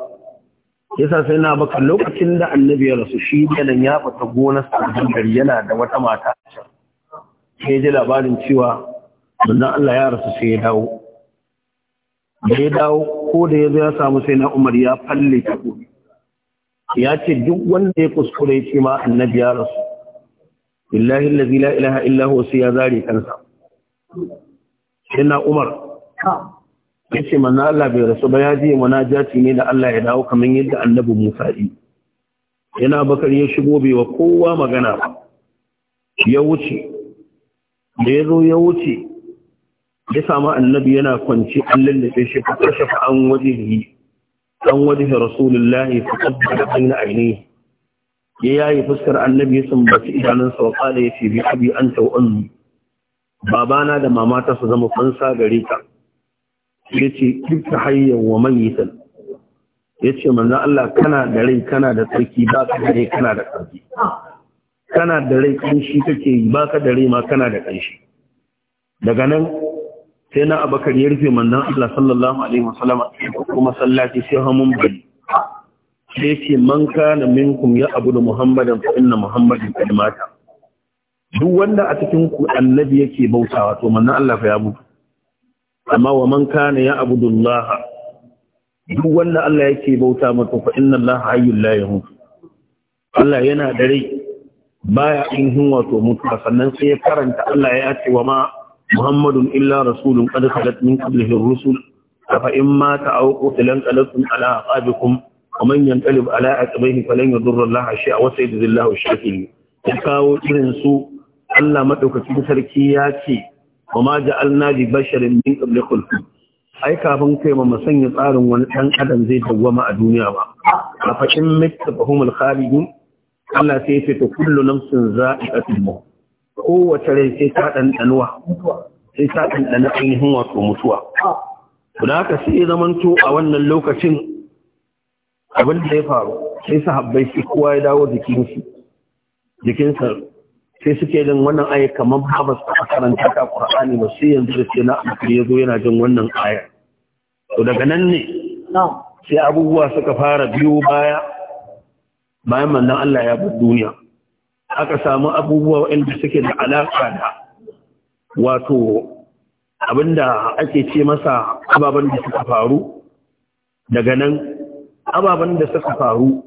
A: yasa sai na baka lokacin da annabi ya rasu shi kenan ya fata gonar sa yana da wata mata sai ji labarin cewa manzon Allah ya rasu sai ya dawo da ya dawo ko da ya zo ya samu sai na Umar ya falle ta ya ce duk wanda ya kuskure ya ce ma annabi ya rasu billahi la ilaha illa huwa sai ya zare kansa sai na Umar ya ce manzon Allah bai rasu ba ya je munajati ne da Allah ya dawo kamar yadda annabi Musa yi yana bakar ya shigo bai wa kowa magana ba ya wuce da ya zo ya wuce ya samu annabi yana kwanci an lallace shi fa kashafa an wajihi an wajihi rasulullahi fa da bayna ainihi ya yayi fuskar annabi ya sumbaci idanunsa wa kala ya ce bi abi anta wa ummi babana da mamata su zama fansa gare ka ya ce ta hayyan wa mayitan ya ce manzo Allah kana da rai kana da tsarki ba ka da rai kana da tsarki kana da rai kanshi kake yi baka da rai ma kana da kanshi daga nan sai na abakar ya rufe manzon Allah sallallahu alaihi wasallam kuma sallati sai hamun bai sai ce man kana minkum ya da muhammadan fa inna muhammadan qad mata duk wanda a cikin ku annabi yake bautawa to manzon Allah fa ya mutu amma wa man kana ya abudu Allah duk wanda Allah yake bauta mata fa inna Allah hayyul la yahu Allah yana da rai baya ainihin wato mutuwa sannan sai ya karanta Allah ya ce wa ma Muhammadun illa rasulun qad khalat min qablihi ar-rusul afa in mata a qutilan qalatum ala aqabikum wa man yanqalib ala aqibihi falan yadurra Allah shay'a wa sayyidullahu shakirin ya kawo irin su Allah madaukakin sarki ya ce wa ma ja'alna li basharin min qablikum ai kafin kai ba sanya tsarin wani dan adam zai dawwama a duniya ba afa in mitta fahumul khalidin Allah sai ya ce to kullu nafsin za'iqatul maut kowace rai sai ta dan danuwa sai ta dan ainihin wato mutuwa kuma haka sai ya zamanto a wannan lokacin abin da ya faru sai sahabbai su kowa ya dawo jikin shi jikinsa sai suke jin wannan aya kamar ba ba su ta Qur'ani ba sai yanzu da sai na amfani yazo yana jin wannan aya to daga nan ne sai abubuwa suka fara biyo baya bayan manzon Allah ya bar duniya aka samu abubuwa waɗanda suke da alaƙa da wato abinda ake ce masa ababen da suka faru daga nan ababen da suka faru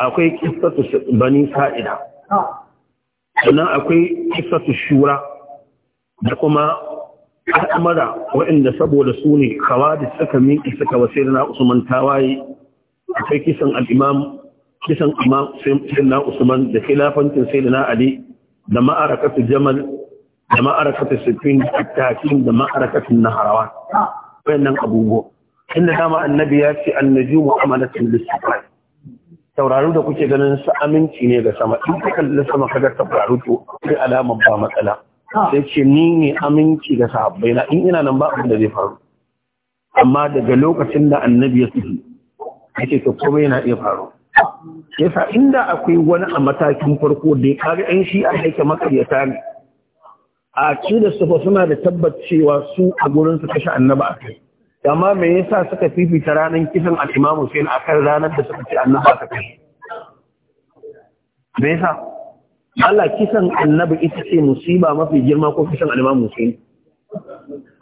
A: akwai kistatu bani sa'ida sannan akwai kistatu shura da kuma al'amara waɗanda saboda su ne da suka minki suka na usman tawaye akwai kisan al'imam kisan imam na usman da khilafancin na ali da ma'arakatu jamal da ma'arakatu sifin da takin da ma'arakatun naharawa wayannan abubuwa inda dama annabi ya ce annajumu amalatun lissafai tauraro da kuke ganin su aminci ne ga sama in ka kalli sama kaga tauraro to sai alamar ba matsala sai ce ni ne aminci ga sahabbai na in ina nan ba abin da zai faru amma daga lokacin da annabi ya tafi yake to komai yana iya faru yasa inda akwai wani a matakin farko da ya kari yan shi a yake makaryata ne a da sufa suna da tabbacewa su a gurin su kashe annaba a kai amma me yasa suka fifita ranar kisan al'imamu sai a kan ranar da suka ce annaba aka kai? me yasa Allah kisan annabi ita ce musiba mafi girma ko kisan al'imamu sai Hussein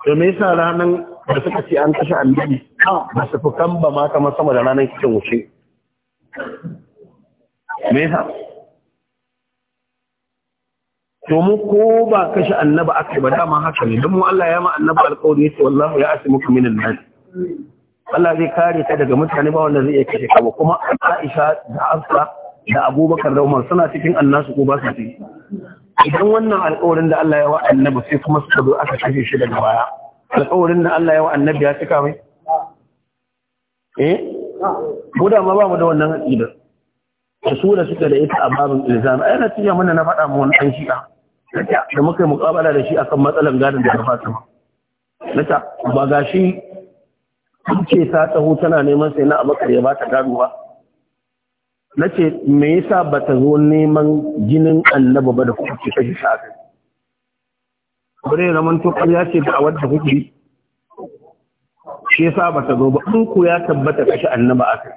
A: to me yasa ranar da suka ce an kashe annabi ba su fukan ba ma kamar sama da ranar kisan wuce. meha to mu ko ba kashi annaba aka ba dama haka ne don mu Allah ya ma annaba alƙawari yace wallahu ya asimuka minan nan Allah zai kare ta daga mutane ba wanda zai iya kashe ka ba kuma Aisha da Asa da Abubakar da Umar suna cikin annasu ko ba su ci idan wannan alƙawarin da Allah ya wa annabi sai kuma suka zo aka kashe shi daga baya alƙawarin da Allah ya wa annabi ya cika mai eh mu da ma ba mu da wannan aqidar da su da suke da ita a babin ilzam ai na tiya mana na faɗa mu wannan shi'a da muka yi muƙabala da shi akan matsalan gadin da ta fata ba ga shi ce ta taho tana neman sai na abakar ya bata ta gado ba na me yasa ba ta zo neman jinin annabi ba da kuke kashi kashe a kai bare ramantu to ƙarya ce da a wadda kuke shi yasa ba ta zo ba an ku ya tabbata kashi annaba aka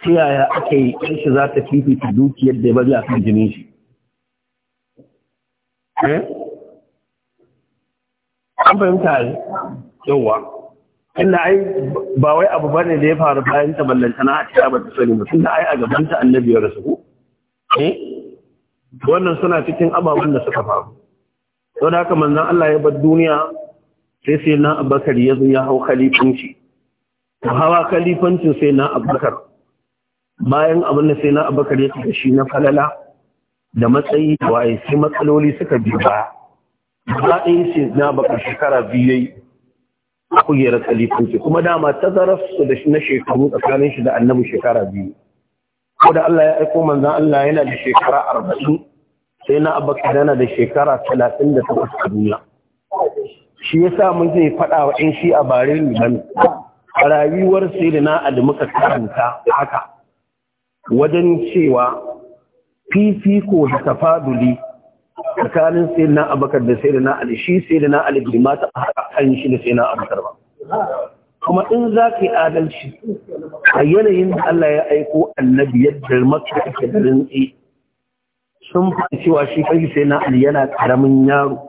A: ta yaya aka yi in shi za ta ta dukiyar da ya bari a kan jinin shi eh? an fahimta ne yawa inda ai ba wai abu bane da ya faru bayan ta ballanta a cikin ba ta sani ba da ai a gaban ta annabi ya rasu eh wannan suna cikin ababen da suka faru don haka manzon Allah ya bar duniya sai sai na abakar ya zo ya hau khalifanci ta hawa khalifancin sai na abakar bayan abin da sai na abakar ya tafi shi na falala da matsayi da waye sai matsaloli suka bi ba ba ɗaya sai na abakar shekara biyu yi a kujerar khalifanci kuma dama ta tazararsu da na shekaru tsakanin shi da annabi shekara biyu ko da Allah ya aiko manzan Allah yana da shekara arba'in sai na abakar yana da shekara talatin da takwas a duniya shi ya sa mun zai faɗa wa ɗan shi a bare ni bane a rayuwar sayyidina Ali muka karanta haka wajen cewa fifiko da tafaduli tsakanin sayyidina abakar da sayyidina Ali shi sayyidina Ali bai mata a kan shi da sayyidina abakar ba kuma in za yi adalci a yanayin da Allah ya aiko annabi yadda maka ake da rintsi sun fi cewa shi kai sai na Ali yana karamin yaro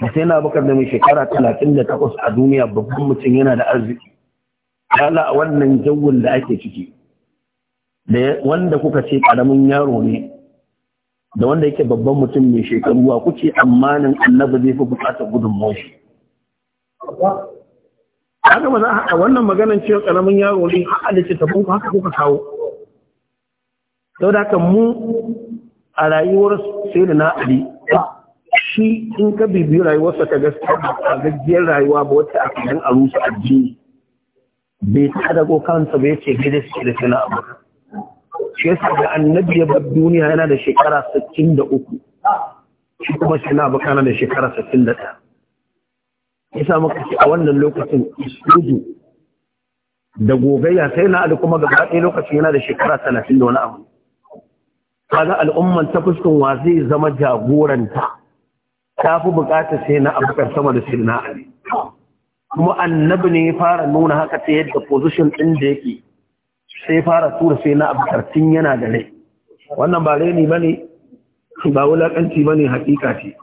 A: sai na bakar da mai shekara talatin da takwas a duniya babban mutum yana da arziki kala a wannan jawon da ake ciki da wanda kuka ce karamin yaro ne da wanda yake babban mutum mai shekaru wa kuke tsammanin annabi zai fi bukatar gudun moshi. haka ba za a wannan maganan cewa karamin yaro ne haɗa da ce tabon haka kuka kawo sau da haka mu a rayuwar sai da na ali shi in ka bibiyi rayuwarsa ka gaskiya a gaggiyar rayuwa ba wata a kan a rusa addini bai ta dago kansa bai ce gaida su da suna abu shi yasa da annabi ya bar duniya yana da shekara 63 shi kuma shi na bakana da shekara 61 yasa muka ce a wannan lokacin isudu da gogayya sai na da kuma gaba ɗaya lokacin yana da shekara 30 da wani abu kaga al'umman ta fuskan wa zai zama jagoranta ta fi bukatar sai na abubakar sama da sai na ali kuma annabi ne fara nuna haka ta yadda position ɗin da yake sai fara tura sai na abubakar tun yana da rai wannan ba reni ba ne ba wulaƙanci ba ne hakika ce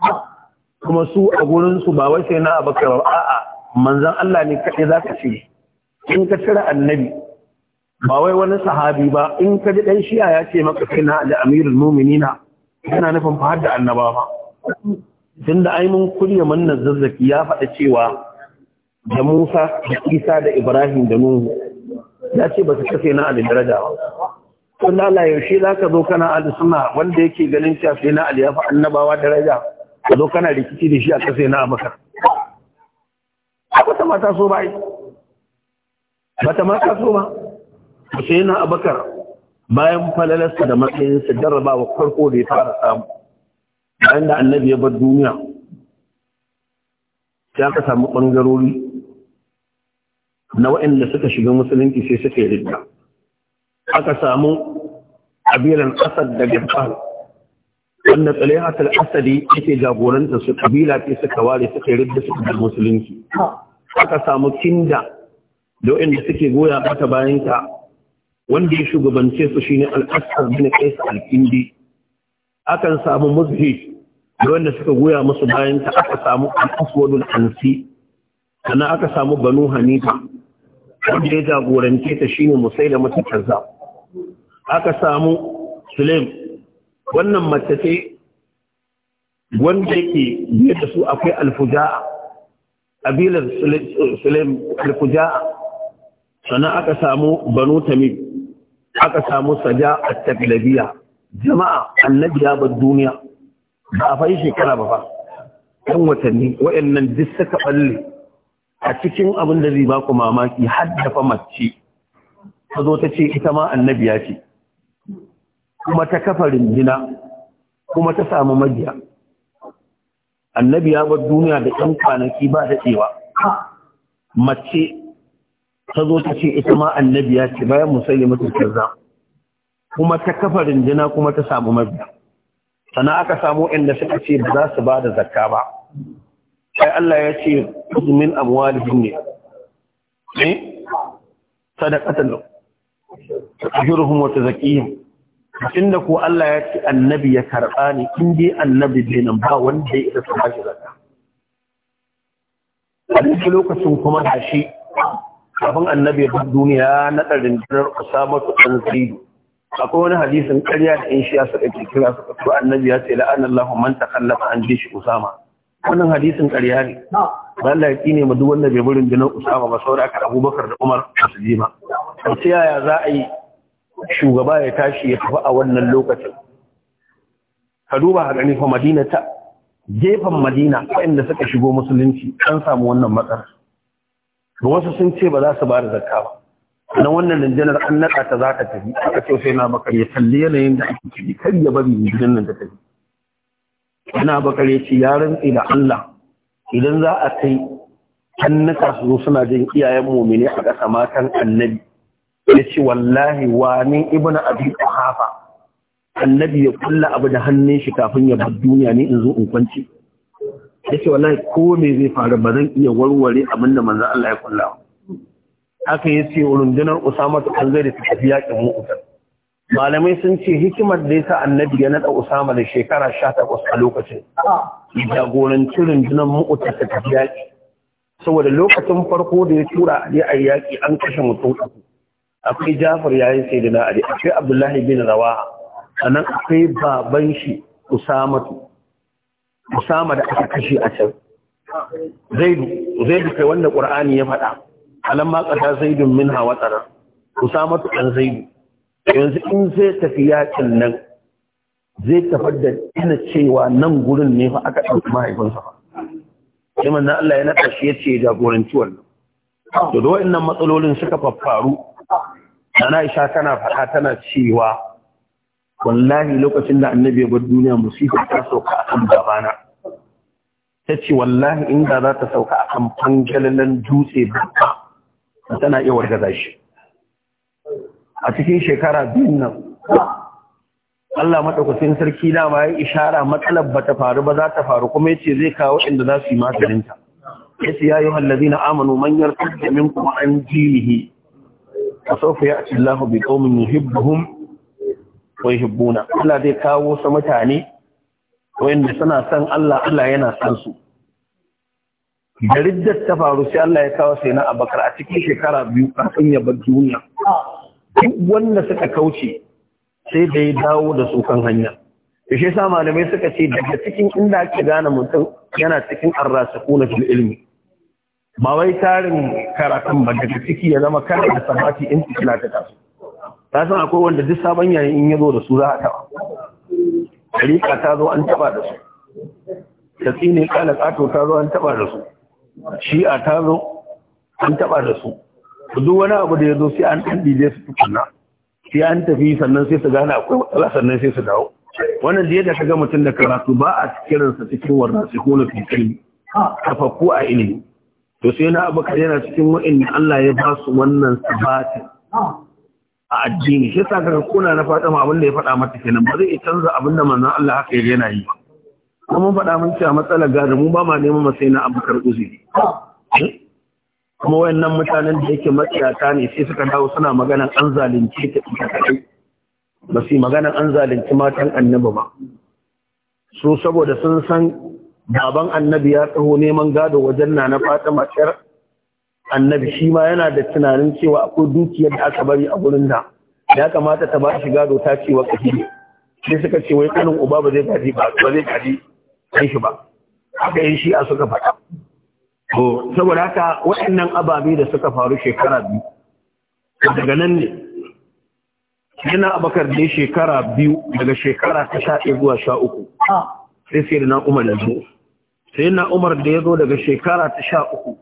A: kuma su a gurinsu ba wai sai na abubakar ba a'a manzan Allah ne kaɗai za ka ce in ka cire annabi ba wai wani sahabi ba in ka ji ɗan shiya ya ce maka sai na da amirul muminina yana nufin fahar da annabawa tun da aimin kurya mannan zazzaki ya faɗa cewa da musa da isa da ibrahim da nuhu ya ce ba su kafe na ali daraja ba kun Allah yaushe za ka zo kana ali suna wanda yake ganin cewa sai na ali ya fi annabawa daraja ka zo kana rikici da shi a kafe na abakar akwata mata so ba bata mata so ba sai na abakar bayan falalarsa da matsayinsa jarrabawa farko da ya fara samu bayan da annabi ya bar duniya ya ka samu ɓangarori na waɗanda suka shiga musulunci sai suka yi rigga aka samu ƙabilan asad da gabal wanda tsalihatar asadi yake jagoranta su ƙabila ce suka ware suka yi rigga su da musulunci aka samu kinda da waɗanda suke goya mata bayan ka wanda ya shugabance su shine al'asar bin kais al-kindi akan samu muzhid da wanda suka goya musu bayan ta aka samu al-aswadul ansi sannan aka samu banu hanifa wanda ya jagorance ta shine musailama ta kaza aka samu sulaim wannan mace ce wanda yake biye da su akwai alfuja'a abilar sulaim alfuja'a sannan aka samu banu tamim aka samu saja at jama'a annabi ya bar duniya ba a fayi shekara ba ba ɗan watanni wa'annan duk suka balle a cikin abin da zai baku mamaki haddafa mace ta zo ta ce ita ma annabiya ce kuma ta kafa rindina kuma ta samu magiya annabi ya bar duniya da ɗan kwanaki ba daɗewa mace ta zo ta ce ita ma annabi ya ce bayan musulmi mutu za kuma ta kafa rindina kuma ta samu majiya. sana aka samu inda suka ce ba za su ba da zakka ba sai Allah ya ce min amwalihim ne ne eh? sadaqatan ajruhum wa tazkiyhum inda ko Allah ya ce annabi ya karba ne in dai annabi bai nan ba wanda ya isa ba shi zakka a duk lokacin kuma da shi kafin annabi ya duniya na ɗarin dinar Usama ɗan Zaidu akwai wani hadisin ƙarya da in shiya suka ke kira suka tura annabi ya ce la'an Allahu man kallafa an shi Usama wannan hadisin ƙarya ne ba Allah ya kine ma duk wanda bai burin jinin Usama ba saboda aka Abubakar da Umar su ji ba to ta yaya za a yi shugaba ya tashi ya tafi a wannan lokacin ka duba a gani fa Madina ta gefen Madina waɗanda suka shigo musulunci an samu wannan matsar wasu sun ce ba za su ba da zakka ba na wannan rundunar an naɗa ta za ta tafi aka ce sai na bakar ya kalli yanayin da ake ciki kar ya bari rundunar nan ta tafi yana bakar ya ce ya rantsi da Allah idan za a kai an naka su suna jin iyayen mumini a ƙasa matan annabi ya ce wallahi wani ibnu abi hafa annabi ya kulla abu da hannun shi kafin ya bar duniya ne in zo in kwance ya ce wallahi ko me zai faru ba zan iya warware abin da manzon Allah ya kulla aka yi ce rundunar Usama ta zai da tafi yakin Mu'tah malamai sun ce hikimar da sa Annabi ya naɗa Usama da shekara 18 a lokacin Ya jagoranci rundunar Mu'tah ta tafi yaki saboda lokacin farko da ya tura a a yaki an kashe mutum akwai Jafar yayin Sayyidina Ali akwai Abdullahi bin Rawaha nan akwai baban shi Usamatu Usama da aka kashe a can Zaidu Zaidu kai wanda Qur'ani ya faɗa ma qata zaidun minha watara usama dan zaidu yanzu in zai tafi yakin nan zai tafar da ina cewa nan gurin ne fa aka dauki mahaifinsa fa sai manzon Allah ya nada shi yace jagoranci wannan to da wannan matsalolin suka faffaru Nana Aisha tana faɗa tana cewa wallahi lokacin da annabi ya bar duniya musifa ta sauka kan gabana. ta ce wallahi inda za ta sauka a kan fangalalen dutse babba tana iya wargaza shi a cikin shekara biyun nan Allah maɗaukacin sarki dama ya ishara matsalar ba ta faru ba za ta faru kuma ya ce zai kawo inda za su yi maganinta ya ce ya yi hallazi na amanu manyar tattamin kuma an jilihi a sofa ya ci Allah bi ƙaumin yuhibbuhum Wai hibbuna. Allah zai kawo su mutane wayanda suna san Allah Allah yana san su da ta faru sai Allah ya kawo sai na abakar a cikin shekara biyu kafin ya bar duniya duk wanda suka kauce sai da ya dawo da su kan hanya da shi sa malamai suka ce daga cikin inda ake gane mutum yana cikin arrasakuna fil ilmi ba wai tarin karatun ba daga ciki ya zama kare da sabati in kila ta taso ta san akwai wanda duk sabon yayin in ya zo da su za a taba tarika ta zo an taba da su ta tsine kala ta zo an taba da su Shi a tazo an taɓa da su duk wani abu da ya zo sai an ɗan su tukuna sai an tafi sannan sai su gane akwai matsala sannan sai su dawo wannan da yadda ka ga mutum da karatu ba a kiransa cikin wannan ko fitil fi tafakku a ilimi to sai na abu yana cikin wa'in Allah ya ba su wannan sabatin a addini shi sa kona kuna na fata abin da ya faɗa mata kenan ba zai canza abin da manzon Allah haka ya yana yi ba kuma faɗa mun cewa matsalar gari mu ba ma neman masai na abokar uzuri kuma wayannan mutanen da yake matsiyata ne sai suka dawo suna maganan an zalunci ta kadai ba su yi maganan an zalunci matan annabi ba su saboda sun san baban annabi ya tsaho neman gado wajen na na fata matsayar annabi shi ma yana da tunanin cewa akwai dukiyar da aka bari a wurin da ya kamata ta ba shi gado ta ce wa sai suka ce wai kanin uba ba zai gaji ba ba zai gaji kai shi ba haka yin shi'a suka faɗa to saboda haka waɗannan ababe da suka faru shekara biyu daga nan ne yana abakar ne shekara biyu daga shekara ta sha ɗaya zuwa sha uku ah. sai sai na umar da zo sai na umar da ya zo daga shekara ta sha uku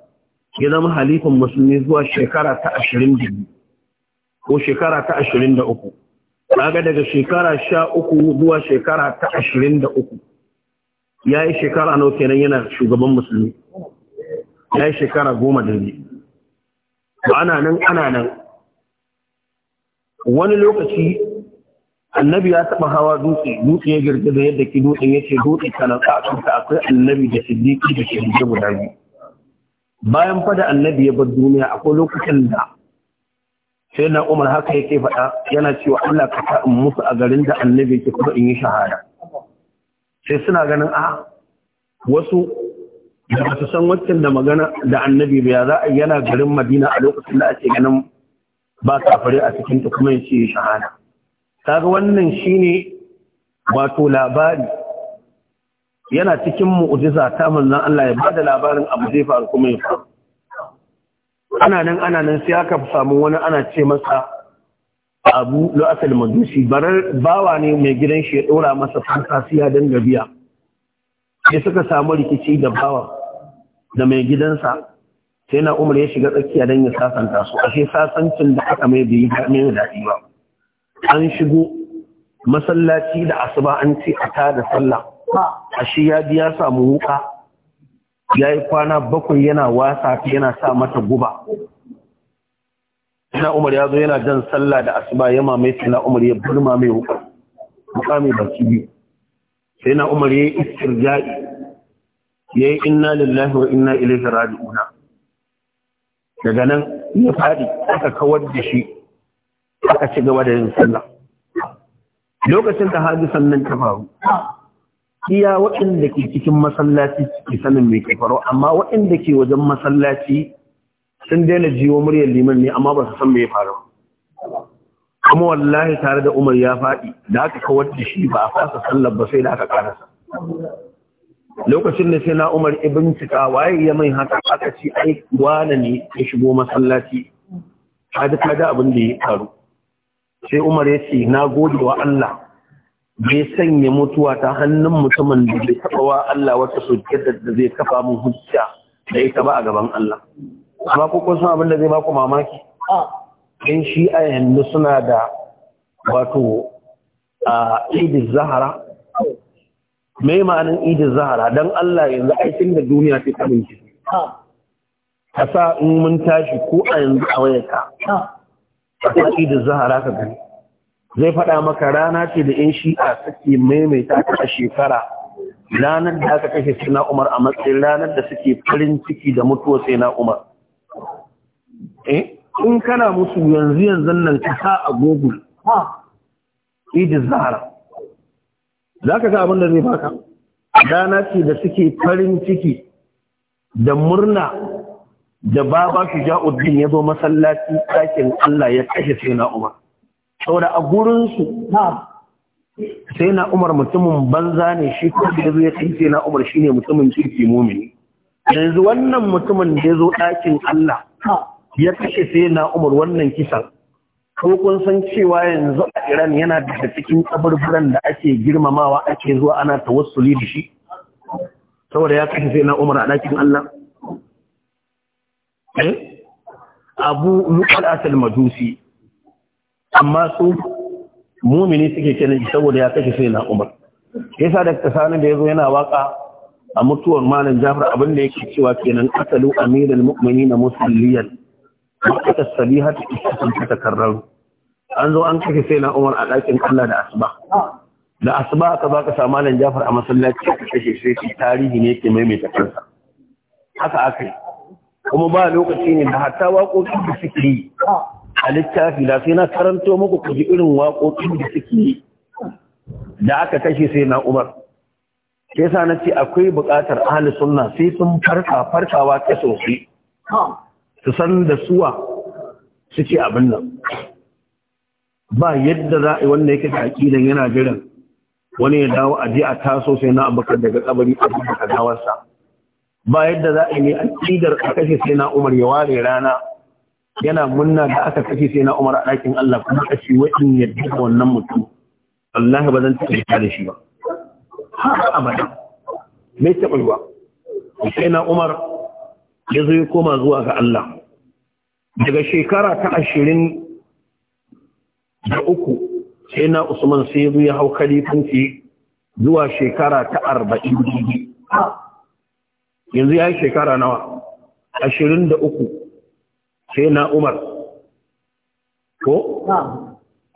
A: ya zama halifin musulmi zuwa shekara ta ashirin da biyu ko shekara ta ashirin da uku kaga daga shekara sha uku zuwa shekara ta ashirin da uku ya yi shekara nau kenan yana shugaban musulmi ya yi shekara goma da ne ana nan ana nan wani lokaci annabi ya taɓa hawa dutse dutse ya da yadda ki dutse ya ce dutse ka nan akwai annabi da siddiqi da shirye guda biyu bayan fada annabi ya bar duniya akwai lokacin da sai na umar haka yake faɗa yana cewa Allah ka ta in musu a garin da annabi ke kuma in yi shahada sai suna ganin a wasu da ba su san wancan da magana da annabi ba ya za a yana garin madina a lokacin da ake ganin ba kafare a cikin ta kuma yace shahada kaga wannan shine wato labari yana cikin mu'ujiza, ta manzon Allah ya bada labarin abu zai faru kuma ya faru ana nan ana nan sai aka samu wani ana ce masa abu lu'asal majusi barar bawa ne mai gidan shi ya ɗora masa fantasiya don gabiya Ya suka samu rikici da bawa da mai gidansa sai na umar ya shiga tsakiya don ya sasanta su ashe sasancin da aka mai bai mai dadi ba an shigo masallaci da asuba an ce a da sallah ashe ya biya samu wuka ya yi kwana bakwai yana wasa yana sa mata guba ina umar ya zo yana jan sallah da asuba ya mamaye sai na umar ya burma mai hukar mukami baki biyu sai na umar ya yi istirja'i ya yi inna lillahi wa inna ilaihi raji'un daga nan ya faɗi aka kawar da shi aka ci gaba da yin sallah lokacin da hadisan nan ta faru iya waɗanda ke cikin masallaci ke sanin mai ke amma waɗanda ke wajen masallaci sun daina jiwo muryar liman ne amma ba su san me ya faru kuma wallahi tare da umar ya faɗi da aka kawar da shi ba a fasa sallar ba sai da aka karasa lokacin da sai na umar ibn cika waye ya mai haka aka ce ai wane ne ya shigo masallaci Ta da abin da ya faru sai umar ya ce na gode wa Allah bai sanya mutuwa ta hannun mutumin da bai taɓa wa Allah wata sujjada da zai kafa mun hujja da ita ba a gaban Allah amma ko kun san abin da zai maku mamaki in shi a yanzu suna da wato a idin zahara mai ma'anin idin zahara don Allah yanzu aikin da duniya ta kamun ki ka sa in mun tashi ko a yanzu a wayarka a sa idin zahara ka gani zai faɗa maka rana ce da in shi'a suke maimaita ta a shekara ranar da aka kashe suna umar a matsayin ranar da suke farin ciki da mutuwa sai na umar eh in kana musu yanzu yanzu nan ka sa a google ha idi zahara za ga abin da zai baka dana ce da suke farin ciki da murna da baba su ja'uddin ya zo masallaci ɗakin Allah ya kashe sai na umar saboda a gurinsu sai na umar mutumin banza ne shi kuma da ya kai sai na umar shine mutumin kirki mumini yanzu wannan mutumin da ya zo ɗakin Allah ya kashe sai na umar wannan kisan ko kun san cewa yanzu a Iran yana da cikin kaburburan da ake girmamawa ake zuwa ana tawassuli da shi saboda ya kashe sai na umar a ɗakin Allah eh Abu Luqal Asal Majusi amma su mumini suke kenan saboda ya kashe sai na umar yasa da tsakanin da yazo yana waka a mutuwar malam jafar abin da yake cewa kenan asalu amiral mu'mini na ta wata sabiha ta sun ta takarar an zo an kashe sai na umar a ɗakin allah da asuba da asuba aka ba ka samu malam jafar a masallaci ka kashe sai shi tarihi ne ke maimaita kansa haka aka yi kuma ba lokaci ne da hatta waƙoƙi da suke yi a littafi da sai na karanto muku ku ji irin waƙoƙin da suke yi da aka kashe sai na umar ke sa na ce akwai buƙatar ahli sunna sai sun farka farkawa ta sosai su san da suwa suke abin nan ba yadda za a yi wanda yake da aƙidan yana jiran wani ya dawo a je a taso sai na abokan daga kabari a cikin kagawarsa ba yadda za a yi aƙidar a kashe sai na umar ya ware rana yana munna da aka kashe sai na umar a ɗakin Allah kuma kashe wa'in yadda wannan mutum Allah ba zan taɓa da shi ba har abada mai taɓa sai na umar ya zo ya koma zuwa ga Allah daga shekara ta ashirin da uku sai na usman sai ya zo ya hau kalifanci zuwa shekara ta arba'in yanzu ya yi shekara nawa ashirin da uku sai na umar ko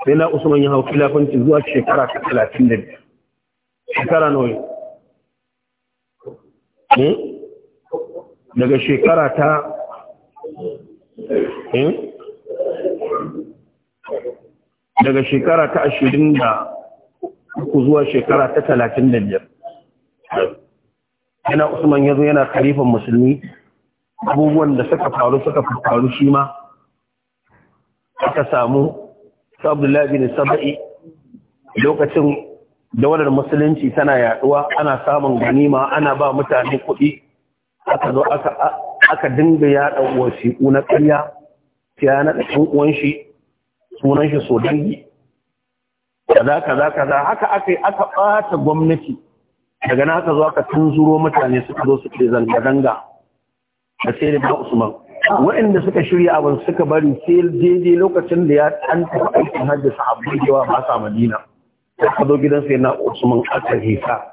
A: sai na usman ya hau kalifanci zuwa shekara ta talatin da biyu shekara nawa hmm? daga shekara ta hmm? daga shekara ta ashirin da uku zuwa shekara ta talatin da biyar yana usman ya zo yana kalifan musulmi abubuwan da suka faru suka faru shi ma aka samu sabu abdullahi saba'i lokacin daular musulunci tana yaduwa ana samun ganima ana ba mutane kuɗi aka zo aka dinga yada wasiƙu na ƙarya ya naɗa ɗan uwan shi sunan shi so dangi kaza kaza kaza haka aka yi aka ɓata gwamnati daga na aka zo aka tunzuro mutane suka zo su ke zanga zanga da sai da usman waɗanda suka shirya abin suka bari sai daidai lokacin da ya an tafi aikin hajji sahabbai yawa ba sa madina aka zo gidan sai na usman aka hisa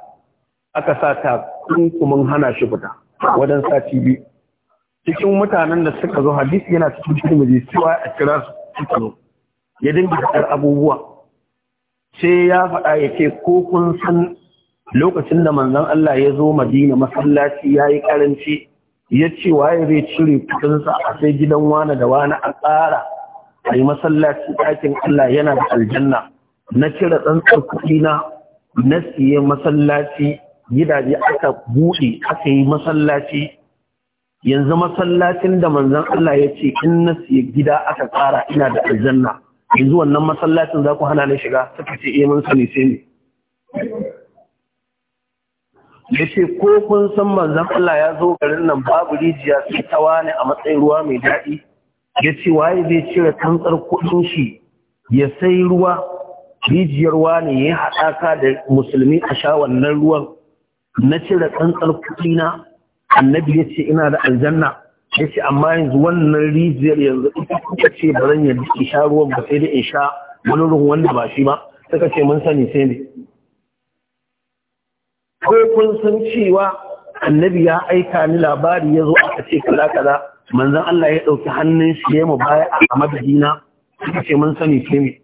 A: aka sa ta kunkumin hana shi fita wajen sati biyu cikin mutanen da suka zo hadisi yana cikin turmuzi cewa a kira su suka ya dinga abubuwa sai ya faɗa ya ce ko kun san lokacin da manzon Allah ya zo Madina masallaci ya yi karanci ya ce waye zai cire kudinsa a sai gidan wani da wani a tsara a masallaci ɗakin Allah yana da aljanna na cire tsantsar kuɗi na na siye masallaci gidaje aka buɗe aka yi masallaci yanzu masallacin da manzon Allah ya ce in na siye gida aka tsara ina da aljanna yanzu wannan masallacin za ku hana ni shiga suka ce eh mun sani sai ne ya ce ko kun san manzon Allah ya zo garin nan babu rijiya sai ta a matsayin ruwa mai daɗi ya ce waye zai cire tantsar kuɗin shi ya sai ruwa rijiyar wani ya haɗaka da musulmi a sha wannan ruwan na cire tsantsar kuɗina, annabi ya ce ina da aljanna ya ce amma yanzu wannan rijiyar yanzu ita ce ba zan yarda in sha ruwan ba sai dai in sha wani ruwan wanda ba shi ba suka ce mun sani sai ne ko kun san cewa annabi ya aika ni labari ya zo aka ce kaza kaza manzon Allah ya ɗauki hannun shi ya mu baya a madadina suka ce mun sani sai ne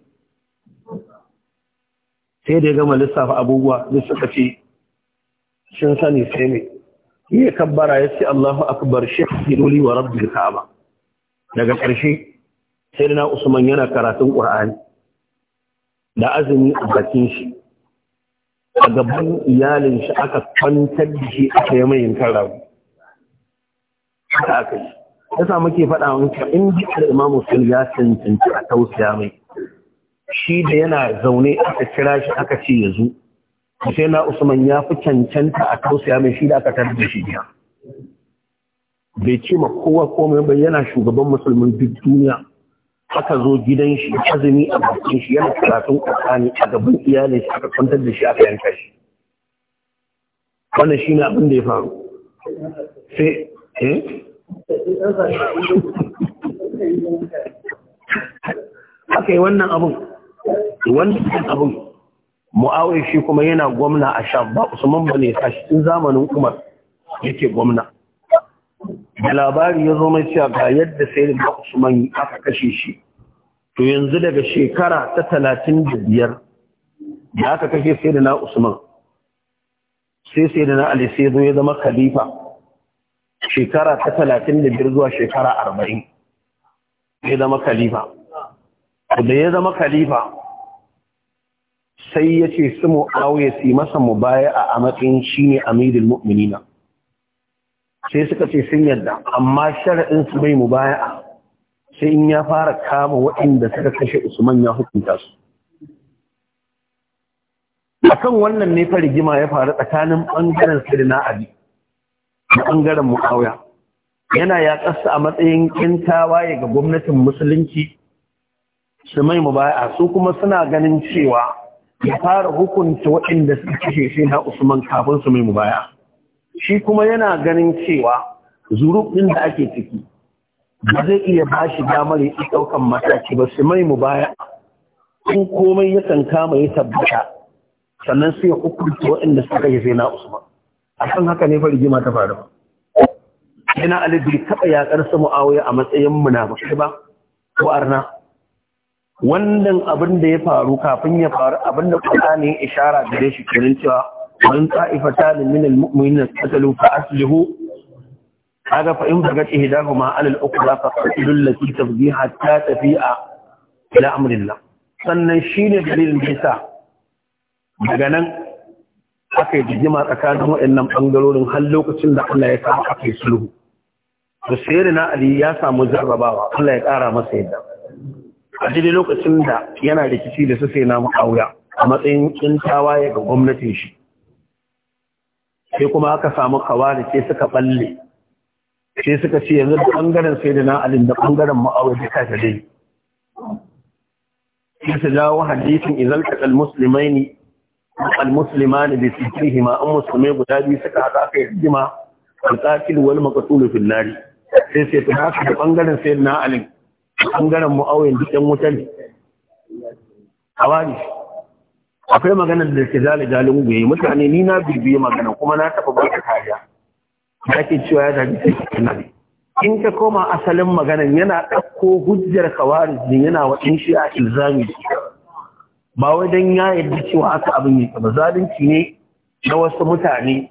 A: sai da ya gama lissafa abubuwa da suka ce shin sani sai mai yi ya kabbara ya ce Allahu akbar shi gidoli wa da ka'aba daga ƙarshe sai na Usman yana karatun Qur'ani da azumi a bakin shi a gaban iyalin shi aka kwantar da shi aka yi mai yankan rabu aka yi ya sa muke faɗa wani in ji da Imam ya cancanci a tausiya mai shi da yana zaune aka kira shi aka ce ya zo sai na usman ya fi cancanta a tausaya mai shi da aka tarbi da shi biya bai ce ma kowa komai ba yana shugaban musulmin duk duniya aka zo gidan shi azumi a bakin shi yana karatun ƙasani a gaban iyalin shi aka kwantar da shi aka yanka shi wannan ne abin da ya faru sai eh aka yi wannan abin wannan abin mu'awai shi kuma yana gwamna a sham ba usman bane ne a cikin zamanin umar yake gwamna da labari ya zo mai cewa ga yadda sai da usman aka kashe shi to yanzu daga shekara ta talatin da biyar da aka kashe sai da na usman sai sai da na ali sai zo ya zama khalifa shekara ta talatin da biyar zuwa shekara arba'in ya zama khalifa da ya zama khalifa sai ya ce su auye su masa mu mubaya'a a matsayin shine amidin mu'minina sai suka ce sun yadda amma shari'in su bai mu a sai in ya fara kama waɗanda suka kashe Usman ya hukunta su akan wannan ne fa rigima ya faru tsakanin bangaren na abi da bangaren Muawiya yana yaƙarsa a matsayin kintawaye ga gwamnatin musulunci su mai mubaya'a su kuma suna ganin cewa ya fara hukunta waɗanda suka kashe shi na Usman kafin su mai shi kuma yana ganin cewa zuruf ɗin da ake ciki ba zai iya ba shi damar ya ɗaukan mataki ba su mai baya in komai ya kama ya tabbata sannan sai ya hukunta waɗanda suka kashe na Usman a kan haka ne fa rigima ta faru yana alibi taɓa yaƙar su mu'awiya a matsayin munafukai ba ko arna wannan abin da ya faru kafin ya faru abin da Qur'ani ya ishara gare shi kirin cewa man ta'ifatan min al-mu'minina qatalu fa aslihu kaga fa in bagat ihdahuma 'ala al-ukhra fa qatilu allati tafdi hatta tafi'a ila amrillah sannan shine dalilin bisa daga nan aka yi jijima tsakanin waɗannan bangarorin har lokacin da Allah ya kawo aka yi sulhu to sayyidina Ali ya samu jarrabawa Allah ya ƙara masa yadda a daidai lokacin da yana rikici da su sai na ma'auya a matsayin in tawaye ga gwamnatin shi sai kuma aka samu da ke suka balle sai suka ce yanzu da ɓangaren sai da na'alin da ɓangaren ma'auya da ta dai sai su jawo hadisin idan taƙal musulmai ne al-musulma ne da sikihi ma an musulmai guda biyu suka haɗa aka yi rigima al-qatil wal maqtul fil nari sai sai ta haka da ɓangaren sai da na'alin ɓangaren mu'awin duk ɗan wuta ne A wani akwai maganar da ke zale galin goyi mutane ni na bibiye magana kuma na taɓa ba ta kariya da ke cewa ya zabi sai na in ka koma asalin maganar yana ɗauko hujjar kawari ne yana wa ɗin shi a ilzami ba wai don ya yarda cewa aka abin yi ba zalunci ne na wasu mutane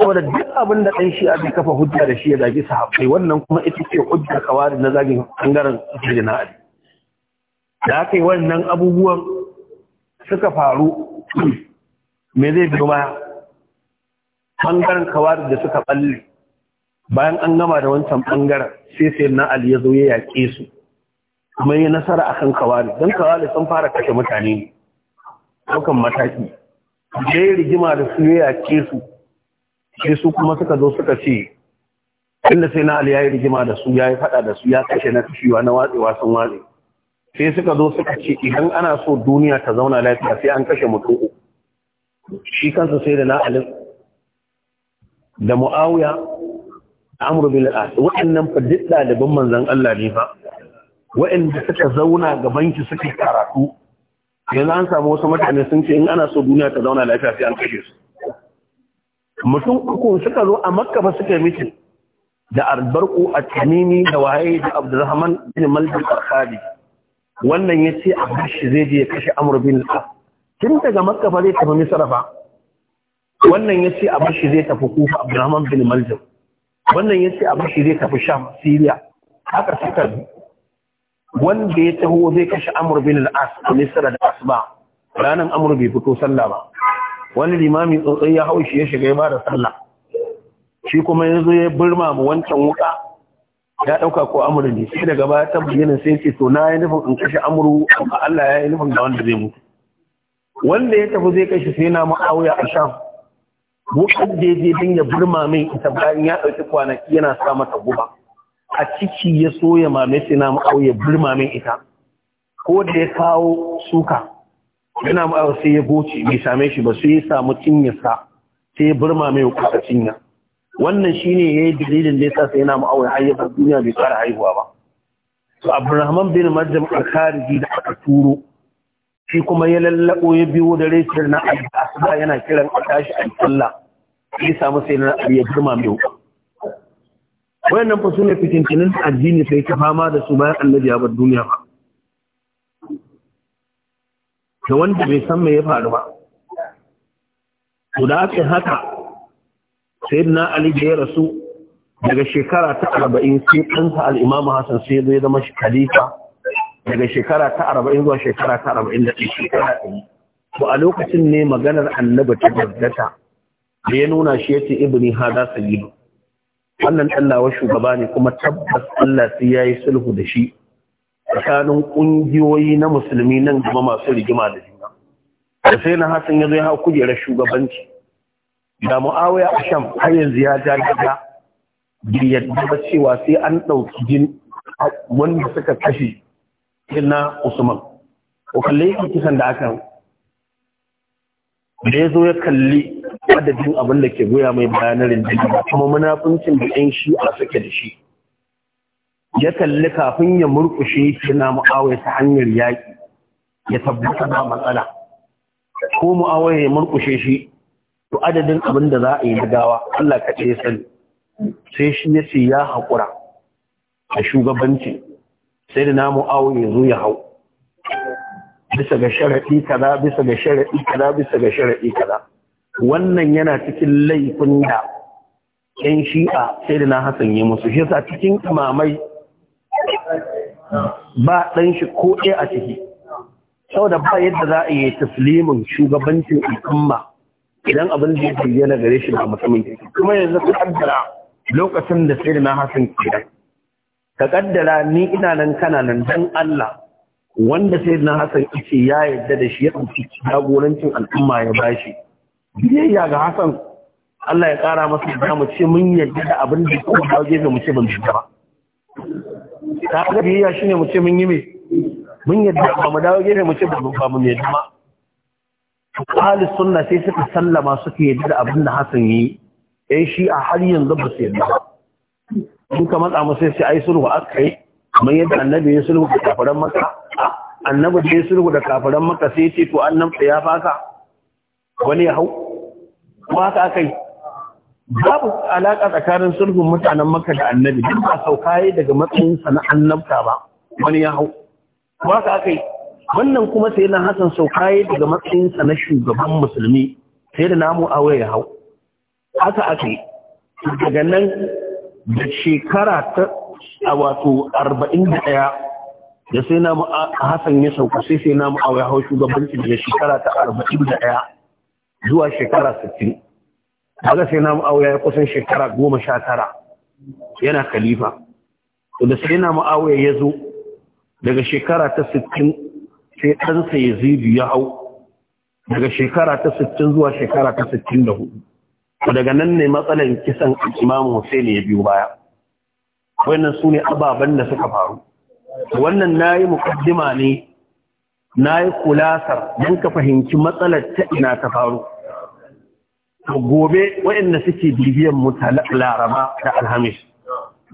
A: saboda duk abin da ɗan shi'a bai kafa hujja da shi ya zagi sahabbai wannan kuma ita ce hujja kawari na zagin bangaren na ali da aka yi wannan abubuwan suka faru me zai biyo baya bangaren kawari da suka ɓalle bayan an gama da wancan ɓangaren sai sai na ali ya zo ya yaƙe su kuma yi nasara kan kawari don kawari sun fara kashe mutane ne ɗaukan mataki da rigima da su ya yaƙe su sai su kuma suka zo suka ce inda sai na ali ya rigima da su ya yi faɗa da su ya kashe na kashewa na watsewa sun watse sai suka zo suka ce idan ana so duniya ta zauna lafiya sai an kashe mutum shi kansa sai da na ali da mu'awiya amru bil as wa'annan fa duk ɗaliban manzon Allah ne fa wa'anda suka zauna gaban ki suka karatu yanzu an samu wasu mutane sun ce in ana so duniya ta zauna lafiya sai an kashe su mutum uku suka zo a makka fa suka yi mitin da albarku a tanini da waye da abdurrahman bin malik al-khali wannan yace a bashi zai je kashe amr bin al tun daga makka fa zai tafi misra fa wannan yace a bashi zai tafi kufa abdurrahman bin malik wannan yace a bashi zai tafi sham syria haka suka wanda ya taho zai kashe amr bin al-as a misra da asba ranan amr bai fito sallah ba wani limami tsotsai ya haushi ya shiga ya ba da sallah shi kuma ya zo ya birma mu wancan wuka ya ɗauka ko amurin ne sai daga baya ta bayyana sai ce to na yi nufin in kashe amuru amma Allah ya yi nufin da wanda zai mutu wanda ya tafi zai kashe sai na ma'auya a sham wukan da ya je ya birma mai ita bayan ya ɗauki kwanaki yana sa mata guba a ciki ya soya mame sai na ma'auya birma mai ita ko da ya kawo suka yana ma'ar sai ya goce mai same shi ba sai ya samu cinyarsa sai ya burma mai kusa cinya wannan shi ne ya yi dalilin da yasa sai yana ma'awai hayyar duniya bai tsara haihuwa ba to Abdurrahman bin Majdam a khariji da aka turo shi kuma ya lallabo ya biyo da rayuwar na al yana kiran a tashi a sallah sai samu sai na ya burma mai kuka wayannan fa sune fitintinin addini sai ta fama da su bayan annabi ya duniya ba da wanda bai san me ya faru ba to da aka haka sayyidina ali da ya rasu daga shekara ta arba'in sai ɗansa al'imamu hassan sai zai zama khalifa daga shekara ta arba'in zuwa shekara ta arba'in da shekara ɗari to a lokacin ne maganar annabi ta gaggata da ya nuna shi yace ibni hada sayyidu wannan Allah wa shugaba ne kuma tabbas Allah sai yayi sulhu da shi tsakanin ƙungiyoyi na musulmi nan gaba masu rigima da juna da sai na hassan ya zo ya hau shugabanci da mu'awiya a sham har yanzu ya ja daga yadda ba cewa sai an ɗauki jin wanda suka kashe na usman ko kalle yake kisan da aka da ya zo ya kalli adadin abin da ke goya mai bayanarin jini? kuma munafuncin da 'yan shi'a suke da shi ya kalli kafin ya murkushe shi na mu'awai ta hanyar yaƙi ya tabbata ba matsala ko mu'awai ya murkushe shi to adadin abin da za a yi gawa Allah ka ce sani sai shi ya ce ya haƙura a shugabanci sai da na mu'awai ya zo ya hau bisa ga sharaɗi kaza bisa ga sharaɗi kaza bisa ga sharaɗi kaza wannan yana cikin laifin da 'yan shi'a sai da na hasan yi musu shi yasa cikin imamai ba ɗan shi ko ɗaya a ciki saboda ba yadda za a yi taslimin shugabancin al'umma idan abin da ya bayyana gare shi na musamman kuma yanzu ka kaddara lokacin da sai na hasan da. ka kaddara ni ina nan kana nan dan Allah wanda sai na hasan ce ya yadda da shi ya dauki jagorancin al'umma ya bashi biyayya ga hasan Allah ya kara masa da mu ce mun yadda da abin da kuma ba gefe mu ce ban ba ta ga biyayya shine mu ce mun yi me mun yadda ba mu dawo gefe mu ce ba mu yadda ma ahli sunna sai suka sallama suka yadda da abin da Hassan yi eh shi a har yanzu ba su yadda in ka matsa mu sai sai ai sulhu aka yi kamar yadda annabi ya sulhu da kafiran maka annabi da ya sulhu da kafiran maka sai ce to annan ya faka wani ya hau ba haka akai babu alaƙa tsakanin sulhun mutanen maka da annabi duk ba sauka yi daga matsayinsa na annabta ba wani ya hau ba ka aka yi wannan kuma sai na hasan sauka yi daga matsayinsa na shugaban musulmi sai da namu aure ya hau haka aka yi daga nan da shekara ta a wato arba'in da ɗaya da sai namu hasan ya sauka sai sai namu ya hau shugabanci daga shekara ta arba'in da ɗaya zuwa shekara sittin kaga sai na mu'awiya ya kusan shekara goma sha tara yana khalifa to da sai na mu'awiya ya zo daga shekara ta sittin sai ɗansa ya zibi ya hau daga shekara ta sittin zuwa shekara ta sittin da hudu daga nan ne matsalar kisan imam Hussein ya biyo baya wannan su ne ababen da suka faru wannan na yi mukaddima ne na yi kulasar don ka fahimci matsalar ta ina ta faru gobe waɗanda suke bibiyan mu laraba da alhamis